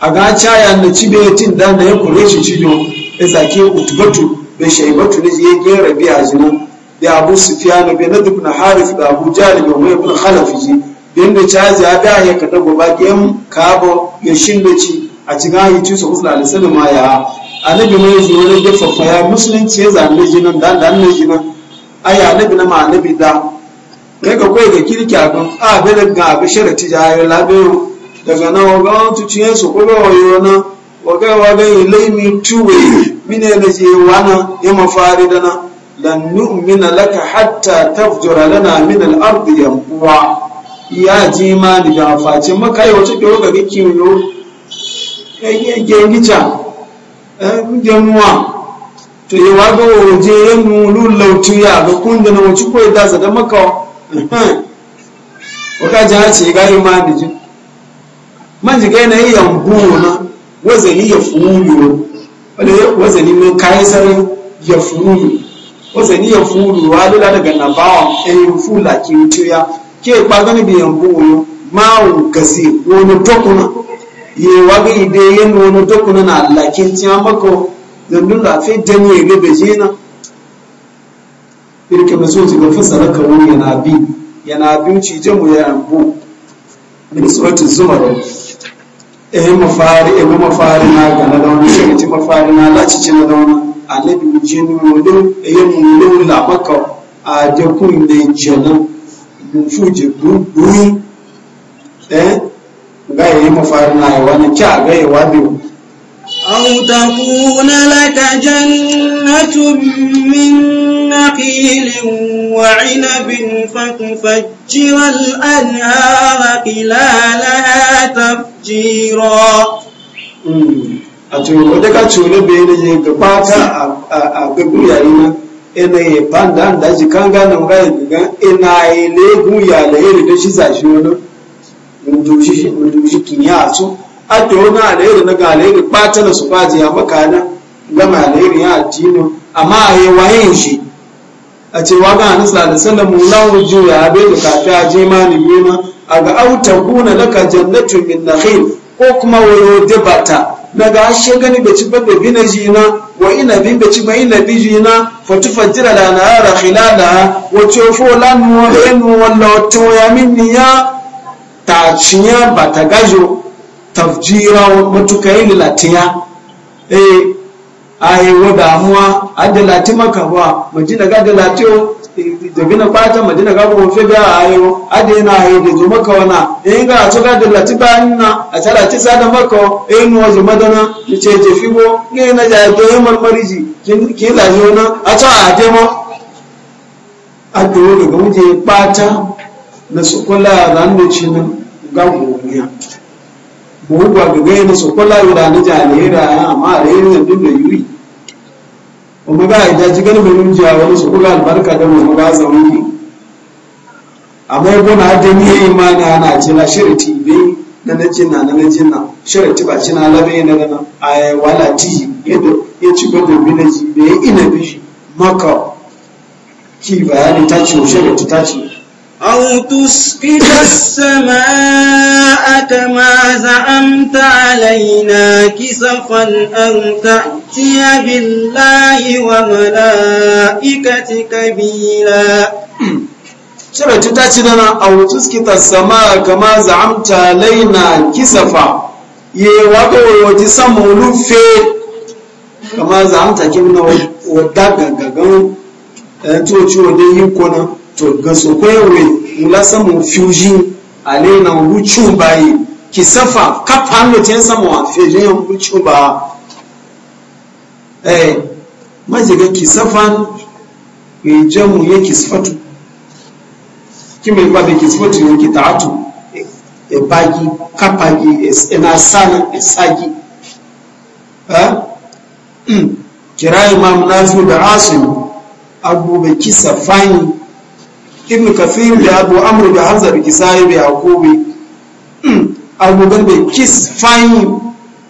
a ga caya na cibe ya tin da na ya kure shi cibe ya zaki utubatu da shaibatu ne ya gera biya jinan da abu sufiyanu bai na duk na harif da abu jari bai mai bin halafi ji da caji ya da ya kada gaba game kabo ya shin da ci a cikin hajji su musulun alisalin ma ya annabi mai zuwa na gefafa faffaya musulunci ya zane da jinan da da A jinan ai annabi na ma annabi da kai ga kwaye ga kirki a kan a bai daga abin sharati da hayar labiru daga nan waga wani tuciye su kuma wayo na Wa waga yi laimi tuwe mine da je wana ya mafari dana lan nu'mina laka hatta tafjura lana min al-ardi yanbuwa ya ji ma da face maka yau take waga kiwo ẹ̀yìn ẹ̀jẹ̀ gíjà ẹ̀kúnjẹmúwà tó yẹ wá gbọ́ òjì ẹnu lúlọ òtúyà lókúnjẹ náà wọ́n túpọ̀ ìdá sàdámọ́kọ̀ ọ̀kájà àti ìgáyọ̀ máa dìjú manjiga na iya buwo na wazani ya fuyo wanda wazani mun kayan sarin ya fuyo wazani ya fuyo wa lula daga nabawa ɗayan fula ke wuce ya ke ɓagani bi yan buwo ma gasi wani tokuna ye wage ide ye nono to kuna na Allah ke ti amako zandun da fe dani ye ga na? irke maso ti ga fasara ka wani yana bi yana bi ci je mu ya ambu min suratul zumar eh mafari eh mafari na ga na dawo shi ti mafari na la ci na dawo annabi mu je ni mu do eh mu do la makka a je kun ne jana mu fuje gurguri eh mafari na wani ci a gaya wa biyu أو تكون لك جنة من نخيل وعنب فتفجر الأنهار خلالها تفجيرا أتقول لك أتقول بيني كباتا أقبل ina yi ban da an daji kan gane ga ina ile guya da iri da shi zashi wani ndoji ndoji kiniya su adda wani alheri na ga alheri bata da su baje ya maka na gama alheri ya addini amma a yi wayin shi a ce wa ga hanisa da sallan mulan wuju ya abe da kafi a je ma ni nema a ga auta kuna laka jannatu min nakhil ko kuma wayo dabata daga ashe gani bai ci babbe bi na jina wa ina bi bai ci ba ina bi jina fa tufajjira la nahara khilala wa tufu lanu wa inu wallahu tawya minni ya ta cinya ba ta gajo tafjira matukai lilatiya eh ai wa damuwa adda ti maka ba madina ga da ti o e, gina kwata madina ga ko fe ga ayo adina ayo da zo maka wana eh ga a ga da ti ba nna a tara ti sa da maka eh no zo madana ni ce je fiwo ni na ja to yi marmari ji ki la yo na a to a je mo a do ga muje kwata na sokola ranar cinin nan gago wuya buhu ba gaga na sokola yura na jalera amma a rayu duk da yuri kuma ga ita ci gani mai rinjiya wani sokola albarka da mu ga ne amma yabo na da ni yayi imani ana ce na shirti dai na na cina na na cina shirti ba cina labe na na a wala ti yadda ya ci gado binaji da ya ina bishi maka ki bayani ta ce shirti ta ce أو تسقط السماء كما زعمت علينا كسفا أو تأتي بالله وملائكتك بيلا شرع تتاتي لنا أو تسقط السماء كما زعمت علينا كسفا يوضو وجسم ولفه كما زعمت كمنا ودقا قاقا أنتو تشوه دي يكونا to ga sokwewe wula samu fusion ale na rucin bayi ki safa kafa hannucin samu a fusion rucin ba eh majiga ki safa mai e jamu ya ki sifatu ki mai ba da ki sifatu ya ki ta'atu e bagi kapagi e e na sana isagi ha eh, hmm, kira imam nafi da asim abubakar safani ibn kafir da abu amru da hamza da kisai da yakubi hmm, abu garbe kis fanyi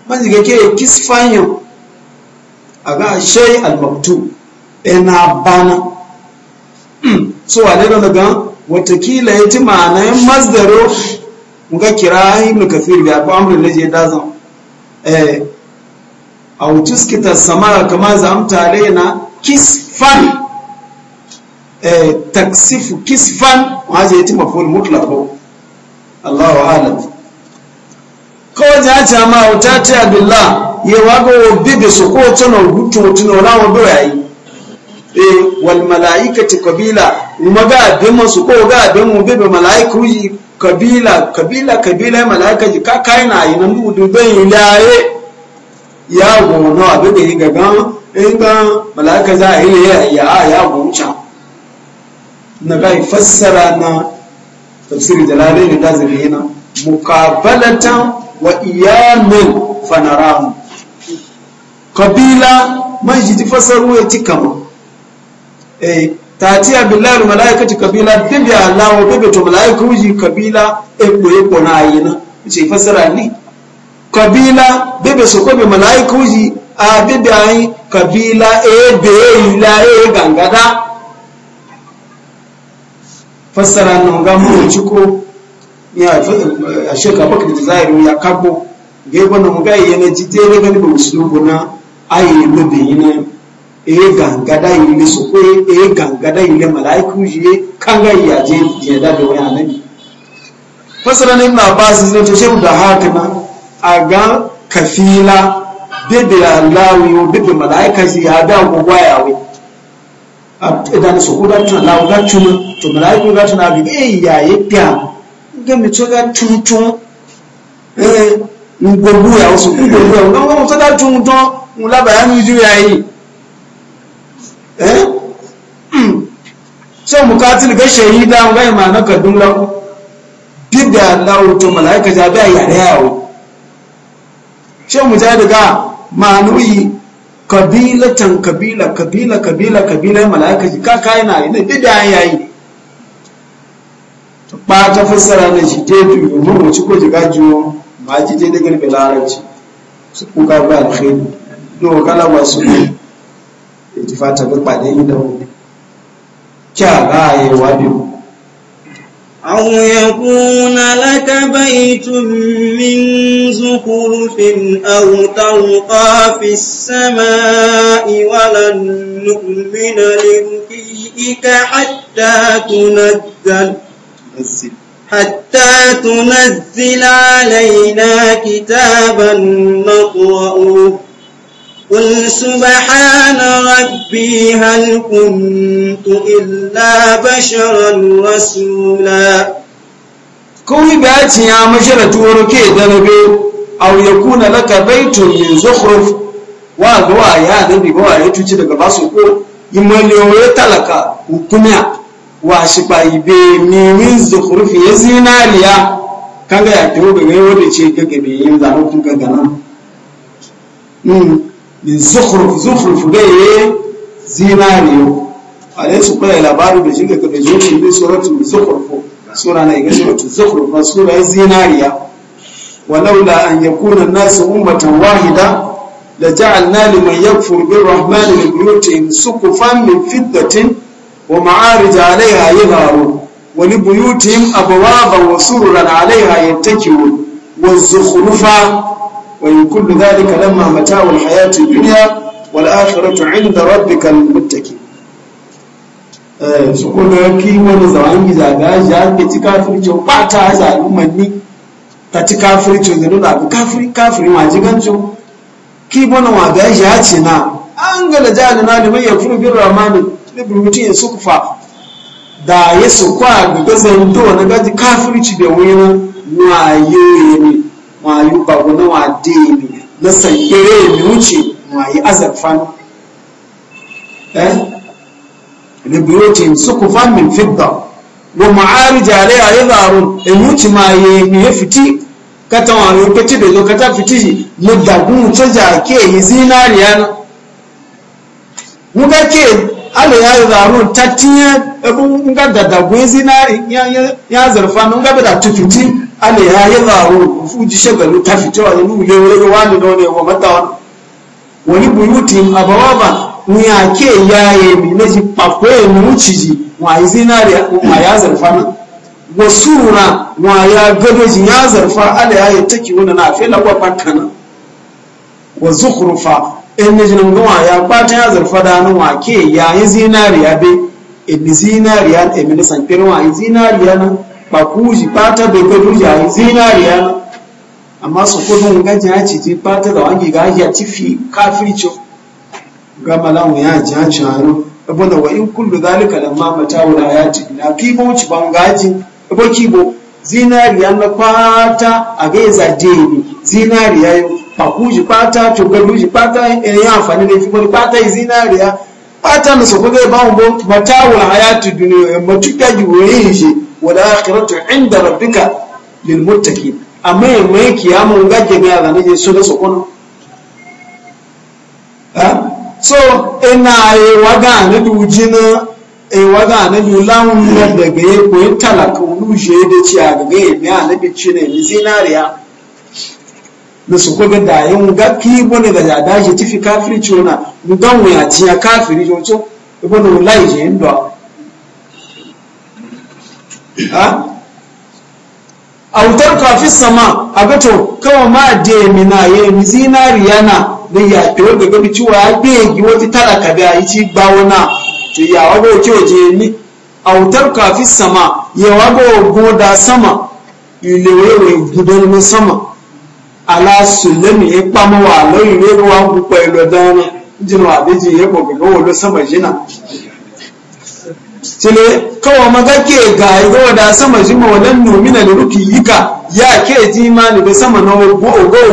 man jiga ke kis fanyi a ga al-maktub ina bana hmm, so wale da daga watakila ya ci ma'anayin masdaro muka kira ibn kafir da abu amru da je dazan eh a wutuskita samara kama zamta alaina kis fanyi Eh, taksifu kisfan waje yati maful mutlaq Allahu a'lam ko ja jama utati abillah ye wago bibe soko tono gutu tono lawo do yayi e wal malaikati qabila umaga be masu ko ga be mu bibe malaiku kabila kabila kabila malaika ji kakai yi nan dudu ben yaye ya da yi gaga eh, in za a yi ya ya ya na ga fassara na tafsir jalalain da zirina Mukabalatan wa iyamin fanaramu kabila man shi ti fassaru ya ci kama eh tatiya billahi malaikati kabila bibi allah wa bibi to malaiku ji kabila e ko e ko na ayina ce fassara ni kabila bibi so ko bi malaiku ji a bibi ayi kabila e be ila e gangada fassara nan ga mu ciko ya a shekara bakar da zahiri ya kabo gaba na muga yi yana jite ne gani ba musulubu na ayi lobe yi na e gangada yi su ko e gangada yi le malaiku yi kan yi a je je da da wani anabi fassara ne na ba su zai ce da haka na a ga kafila bebe lawi o bebe malaika shi ya ga gogwa wai idan su kuda tuna lawo ga tuna to malaiku ga tuna bi eh ya ye pia ga mi to ga tuntun eh ngogbu ya so ngogbu ya ngogbu mo to ga tuntun mo la bayanu ju ya yi eh hmm. so mu ka mukatil ga shahida ga imana ka dumla bidda lawo to malaika ja ba ya da yawo shi mu ja daga manuyi kabilatan kabila kabila kabila kabila ya mala'ika ji kaka yana yi na dida ya yi ba ta fassara na shi je tu yi mun wuce ko jiga jiwo ma ji je daga rufe larabci su kuka ba alkhairi do kala ba su ne ya ji fata ga da yi da wani kya ra'ayewa biyu أو يكون لك بيت من زخرف أو ترقى في السماء ولن نؤمن لرقيئك حتى تنزل حتى تنزل علينا كتابا نقرأه قل سبحان ربي هل كنت إلا بشرا رسولا كوي باتي يا مجرة وركي دنبي أو يكون لك بيت من زخرف وادوا يا نبي بوا يتوتي daga basu ko imani ya talaka hukumya wa shi ba ibe min zukhrufi ya zinariya kaga ya kiwo ga wanda ce gaga bai yin zanu kun gaga min zukhruf zukhruf ga eh, zinariyo alai su kai labaru da shi daga bejoci ne suratu zukhruf sura na ga suratu zukhruf ba sura zinariya walaula an yakuna an-nasu ummatan wahida لجعلنا لمن يكفر بالرحمن من بيوتهم سقفا من فضة ومعارج عليها يظهرون ولبيوتهم أبوابا وسررا عليها يتكئون والزخرفا وإن كل ذلك لما متاع الحياة الدنيا والآخرة عند ربك المتكي su kuna ki wani zawon ga ya ke ci kafircin ba ta za al'ummanni ta ci kafircin da nuna abu kafiri kafiri ma ji gancu ki wa ga ya ce na an gala jihar na da mai yafi rubin ramani libin mutum ya sukufa da ya sukwa ga gazan do na gaji kafirci da wani na wayo ne wọn ayu bago na wa de mi na san ere mi wuce wọn ayi azarfan eh ne biyo tin suku fan min fidda wa ma'arij alayha yadharun in e wuce ma ye mi ya fiti kata wa yo kati da zo kata fiti mu dagun ta jake yi zinariya na mu ga ke ala ya yi zarun tattiye nga da dagwe na ya zarfa na nga da tufiti ala ya yi zarun fuji shagalu ta fito a yanu yi wani wani da wani mata wani wani buyuti a bawa ba mu ya ke yaye mi na ji pakwe mu wuci ji wa yi zina da ya zarfa na wasu na wa ya gado ji ya zarfa ala ya yi taki wani na fi lagwa bakana wa zukhrufa in jinin goma ya kwatan ya zarfa da hannun wake ya yi zinariya be in zinariya na emini sanfir wa yi zinariya na ba kuji kwata bai ga duja yi zinariya na amma su kudin gajin ya ci da wangi ga ya ci fi gama ga malamu ya ji hanci hannu abu da wa'in kullu zalika lamma mata wula ya ci na kibo wuce ban gaji abu kibo zinariya na kwata a ga ya zinariya yau makuji pata chogaluji pata ya afani da fimoni pata izinariya pata nasokoge sokoga ya bawo bo matawul hayati duniya matuka juwe wala wal akhiratu inda rabbika lilmutaki muttaqin amma ya mai kiyama ngaje ga ga ne so da sokono ha so ina yi waga na dujina e waga na lulawun daga ya koyi talaka wani shi da ciya ga ga ya mai da su kobe da yin ga kibo ne ga ya daji tifi kafiri ciwona don mu ya ci ya kafiri jojo ibo da wallahi je ndo ha autar kafi sama a gato kawo ma de mina ye mi zinariya na da ya to ga gabi ciwa ya begi wata ka da yi ci ba na to ya wago kyo je ni autar kafi sama ya wago goda sama ilewewe gudanar sama alasulami ya kpama wa lórí wa ń pupa ẹ lọ dáná jìnnà gbogbo wò ló sọmọ jìnnà. tile kawai maga ke ga igowa da sama jima ma wadan nomina da ruki yika ya ke ji ma da sama na ogo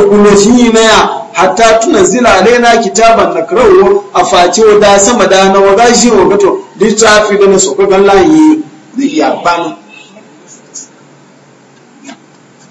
kuma shi na ya hatta tuna zila na kitaban na karawo a face da sama da na waga shi littafi da na sokogan layi da bani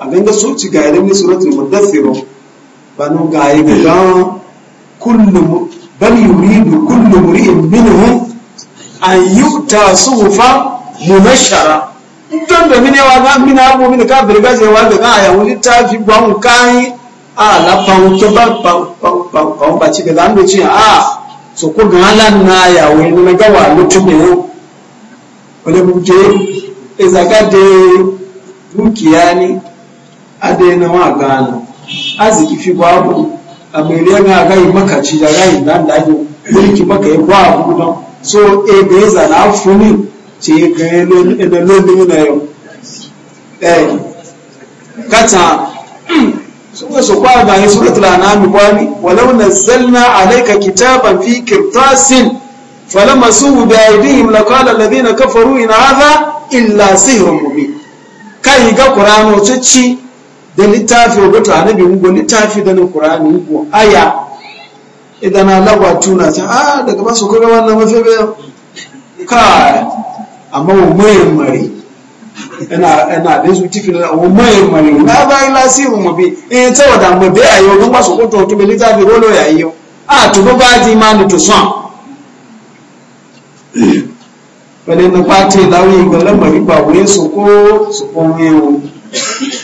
a ganga su ci ga ilmi suratul mudaththir ba no ga yi ga kullu bal yuridu kullu mri'in minhum an yu'ta suhufa munashara don da mine wa ga mina abu mine ka birga je wa ga ya wani tafi ba mu kai a la pa mu to ba pa pa pa ba ci ga dan do ci a so ko ga lan na ya wani na ga wa mutum ne Wani mu je e zakate dukiya ne adena wa gana aziki fi babu ameliya ga ga yi maka ci da gai nan da ji mulki maka ya ba ku don so e, e ga za e e na funi ce ga ne da lodi na yau eh kata suka su kwa ba na suratul anam wani walau nazzalna alayka kitaban fi kirtasin falamasuhu bi aydihim laqala alladhina kafaru in hadha illa sihrun mubin kai ga qur'ano ci da littafi wa gato annabi ungo littafi da na qur'ani ungo aya idan alagwa tuna ta ah daga ba su kuma wannan mafi ka amma wa mari ina ina da su tifi na wa mari na ba ila siru mu bi eh ta wada mu bi ayo gan ba su to littafi rolo ya ah to ba ji ma ni to son wani na kwate lawi ga lamari ba wurin su ko su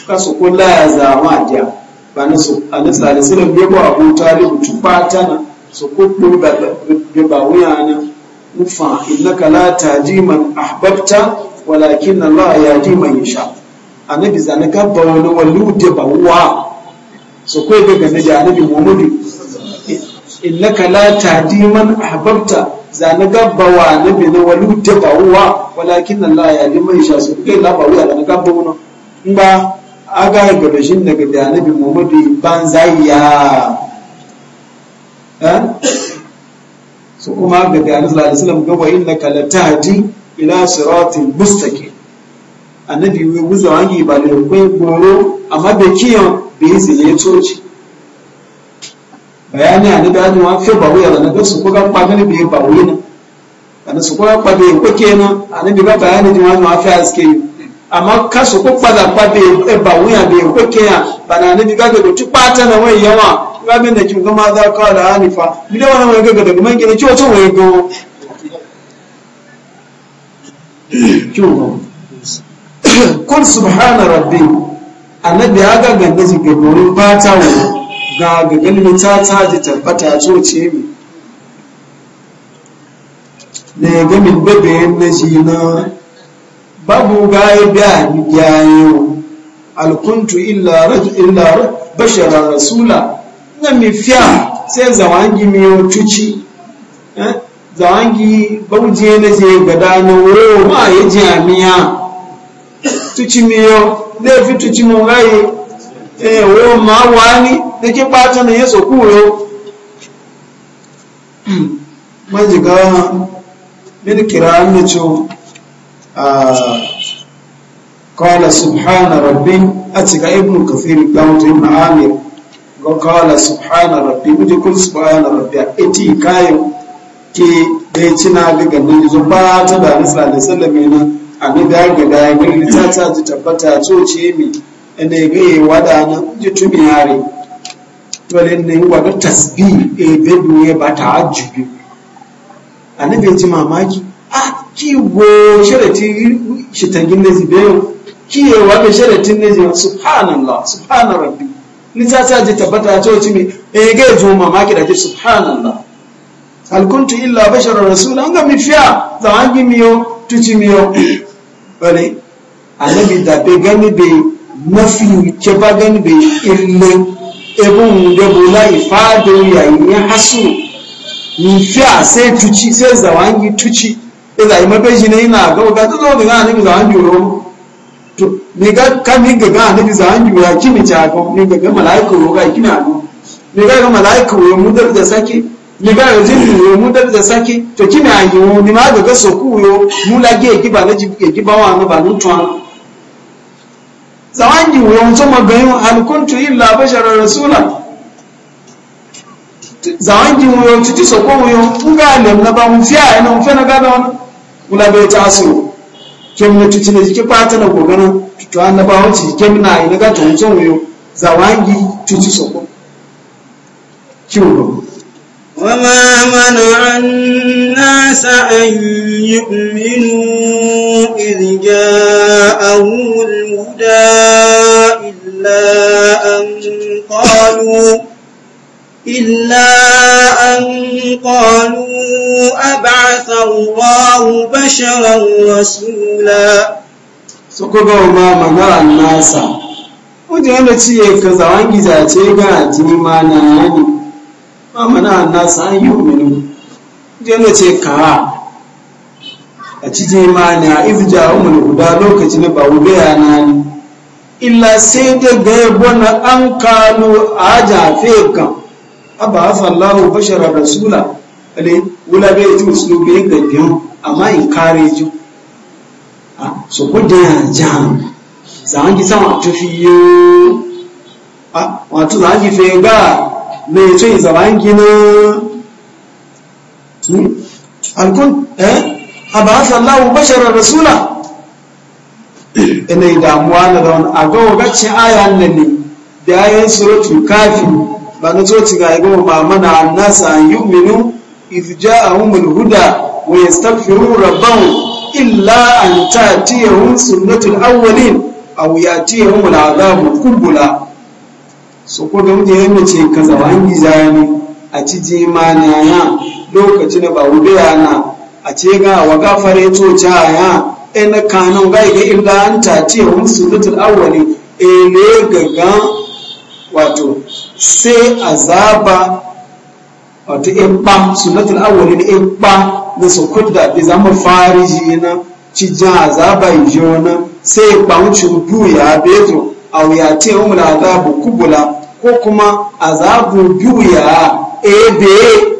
kasu kula ya zama dia ba na su nisa da sila bebo abu talibu ta na su kudu da ba wuya na nufa ka la taji man ahbabta walakin na la ya ji man yasha na zane na ba wani wallu da ba wa su kai daga na da annabi Muhammadu ka la taji man ahbabta za na ba wa bi na wallu da ba wa walakin na la ya ji man yasha su kai la ba wuya da ka ba wani ba aga gada shi daga da annabi muhammadu ban zaiya eh? su kuma ga da annabi sallallahu alaihi wasallam ga wa innaka latahdi ila siratin mustaqim annabi wai wuza wangi ba da kai goro amma da kiyan da yi zile toci bayani a nabi annabi wa fi bawo da ga su kuka kwanan bi wai na annabi su kuka da ko kenan annabi ba bayani jin wa fi aske yi amma kasu ko kpaza kpa be e ba wuya be ko keya bana ne bi gaga ko tukpata na wai yawa ga min da kin ga ma za ka da hanifa mi da wannan wai gaga daga man gine ci wato wai go kun subhana rabbi annabi ya ga ganda ji ga gurin fata wa ga ga ne ta ta ji tabbata so ce mi ne ga min bebe na ji na babu gaye da yayo alkuntu illa illa bashara rasula na mi fiya sai zawangi mi yo cuci eh zawangi bauje na je gada na wuro ma ya ji amiya tuci mi yo le fi tuci mo gaye eh wo ma wani da ke bata na yeso kuyo hmm. majiga min kira an ne cewa قال سبحان ربي أتقى ابن كثير قامت ابن عامر قال سبحان ربي ودي كل سبحان ربي اتي كايو كي بيتنا ديتنا لغا الله باتا دا نسلا لسلمينا أنا دا غدا يقول لتاتا تتبتا توشيمي أنا يقول ودانا جتمي هاري ولن يوغا تسبيح إبن يبا تعجب أنا بيتي ماماكي Ah, kí wo ṣẹ́rẹ̀tí ṣètàgí lẹ́sì bẹ́yàn kí ẹwà bẹ subhanallah subhana rabbi ní sáàtì àti tàbátà àti ọtí mi ẹgẹ́ ìjùmọ̀ màmá kìdàjẹ́ illa bashara rasul an ga za an gi miyo tuci miyo annabi da be gani be nafi ke ba gani be ille ebun da bola ifado ya hasu mi fiya sai tuci sai zawangi tuci Ina yi shi ne ina ga ga to ne ga ne ga an juro to ne ga kan ne ga ga ne za an juro ki mi ta ko ne ga ga malaika ro ga kina ko ne ga ga malaika ro mu da da saki ne ga jin ro mu da da saki to kimi mi an ni ma ga ga so ku yo mu la ge ki ba ne ji ke ki ba wa na ba nu tuwa zawangi wo mu to magayin hal kuntu illa bashara rasula zawangi wo titi so ko yo mu ga lem na ba mu fiya na mu fe ga da wannan kula bai ta asiro kem na tuci ne jike fata na gogana to annabawa ci kem na ina ga tun tun zawangi tuci soko kiwo وما منع الناس أن يؤمنوا إذ جاءهم الهدى إلا أن قالوا إلا أن قالوا أبعث الله بشرا رسولا sukuga ma magana nasa wajen wanda ci ya ka zawon gizace ga jini ma na yani ma mana nasa an yi umaru wajen wanda ce ka a cikin imani a izija guda lokaci na ba wube ya nani sai dai ga yabo na an kano a jafe kan abba afallahu bashara rasula ale wula bai ji usulubi ga biyu amma in kare ji ah, so ko da jan zan ji sama fi yo a ah, wato zan ji fe ga me to in zaman gina hmm? alkun eh abba afallahu bashara rasula ina damuwa na da wani wa gacce ayan nan ne da ayan suratul kafin bana zo ci ga goma ba mana annasa yu'minu yi minu huda wa ya stafiru illa an ta tiye hun sunnatul awwalin a wuya tiye humul kubula so ko da mutum yana ce ka zama an yi zani a ci jimaniya ya lokaci na ba wube yana a ce ga wa gafare coci ya ɗaya na kanon ga illa an ta sunnatul awwalin ele gaga wato sai azaba wato ikpa sunnatul awwalin ikpa da su da zama fariji na ci jan azaba yiyo sai ikpa wuce du ya beto aw ya te umul azabu kubula ko kuma azabu biyu ya ebe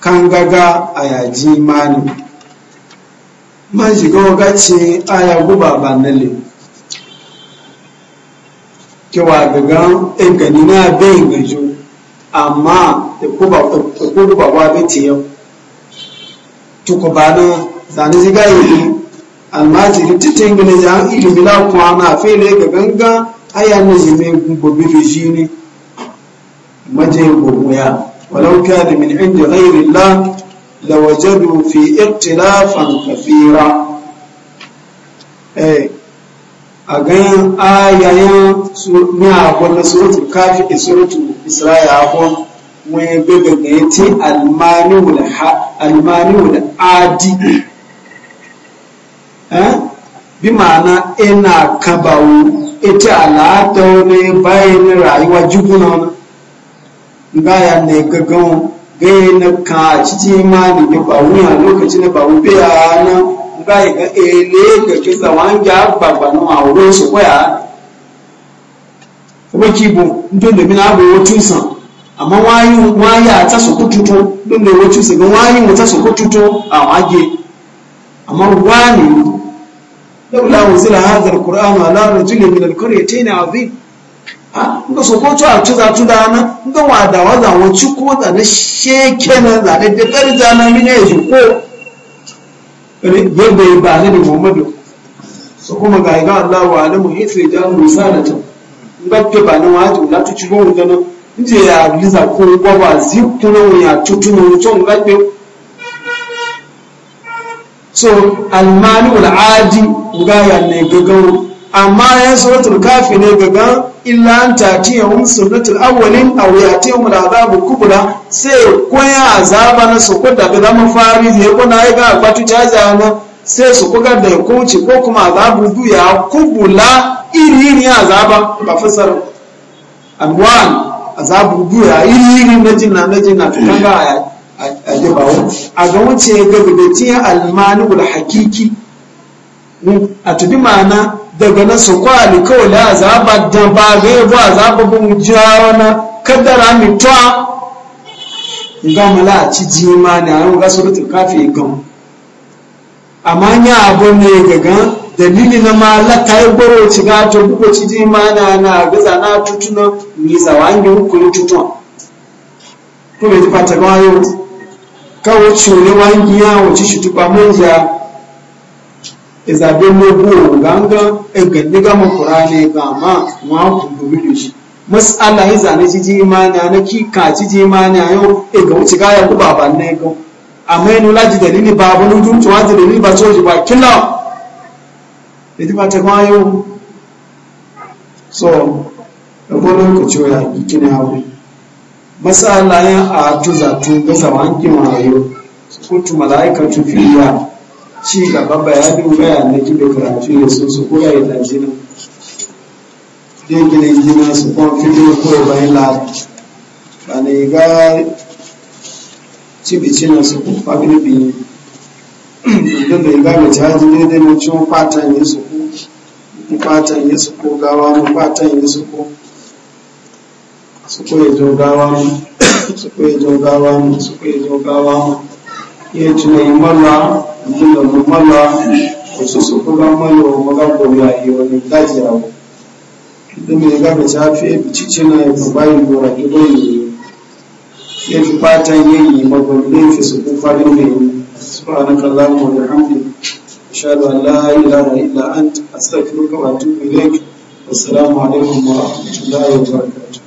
kan gaga a yaji mani man shiga wagace aya guba ba le. cewa gagan ɗangani na bai gajo amma da ko ba bai ce yau tuku ba na zane ziga yi almajiri titin gina jan na kuma na fele ga ganga aya na zime gobe da shi ne maje gogoya walau kana min inda ghairi la lawajadu fi ikhtilafan kathira eh a ganin ayayen ni a na suratul kafi da suratul isra'i abuwa wani bebe ga ya ce almaniwu da adi eh? bi ma'ana ina kabawo ita al'ada wani bayan rayuwa jiguna wani gaya ne gaggawa gaya na ka ci ma ne ba wuya lokaci na ba wuya na nga yi ga ele ga ki zawanja babba a wurin su koya kuma kibo ndo da mina abu wotu san amma wayi wayi a ta su kututo ndo da wotu san ga mu ta su kututo a wage amma wani laula unzila hadha alquran ala rajulin min alqaryatayn azim ha ndo so ko to a tuza tudana ndo wa da wa za wo chuko da na sheke na za da da tarjana mine ko yadda ya ba ni da muhammadu so kuma ga ga Allah wa alamu ife da musalata ngakke ba ni waji la tu ci gomu dana nje ya liza ko gwaba zikku no ya tutu no to ngakke so almanu aladi ga ya ne gagawo amma ya suratul kafi ne gaga illa an tatiya hum sunnatul awwalin aw yatihum al'adabu kubra sai koya azaba na su ko daga zama fari ne ko na ga batu jaja na sai su kuga da ya kuce ko kuma azabu duya kubula iri iri azaba ba fasar anwan azabu duya iri iri na jinna na jinna to kanga a jabawo a ga wuce ga almanu almanikul hakiki hmm, a tudi ma'ana daga nan su kwali kawai da azaba da ba zai ba azaba bin jawo na kaddara mitwa ga mala a ci jima ne a yau ga rutu kafi gan amma ya abu ne daga dalili na malaka ya gwaro ci ga to buko ci jima na na gaza na tutuna ni zawangi hukuri tutuwa. ko bai ji fata ga yau kawo ciwo ne wangi ya wuce shi tuba manja izabe lobo ganga egadi ga makurane ga ma ma ku dubi da shi mas'ala yi zane ci ji imani na ki ka ci imani yau e ga wuce ga ya ku baba ne ga amma yin laji dalili ba ba nun dun tuwa dalili ba soji ba killa idi ba ta kuma yau so da gonon ku ci ya kina hawo mas'ala yin a tuza tun ga sawan kin wayo su kutu malaikatu fiya ci gaba bayanin waya na da karatu ya so su koya ya tajina dai ginin gina su kwan fito koya bayan lahadi ba ci ga cibicin su ko fabin biyu idan da ga mace hajji ne da mace fatan ya su ko fatan ya su ko gawa mu fatan ya su ko su ko ya jo gawa mu su ko ya jo gawa mu su ko ya koya jogawa mu iya tunayi malla nila mumala osusukula mayo magagoya iyo fi dumi igabe chafi ebichichina ebubayi bora kiboyi yekipata yenyi magombefi sukufalime سبحانك اللهم وبحمدك أشهد أن لا إله إلا أنت أستغفرك وأتوب إليك والسلام عليكم ورحمة الله وبركاته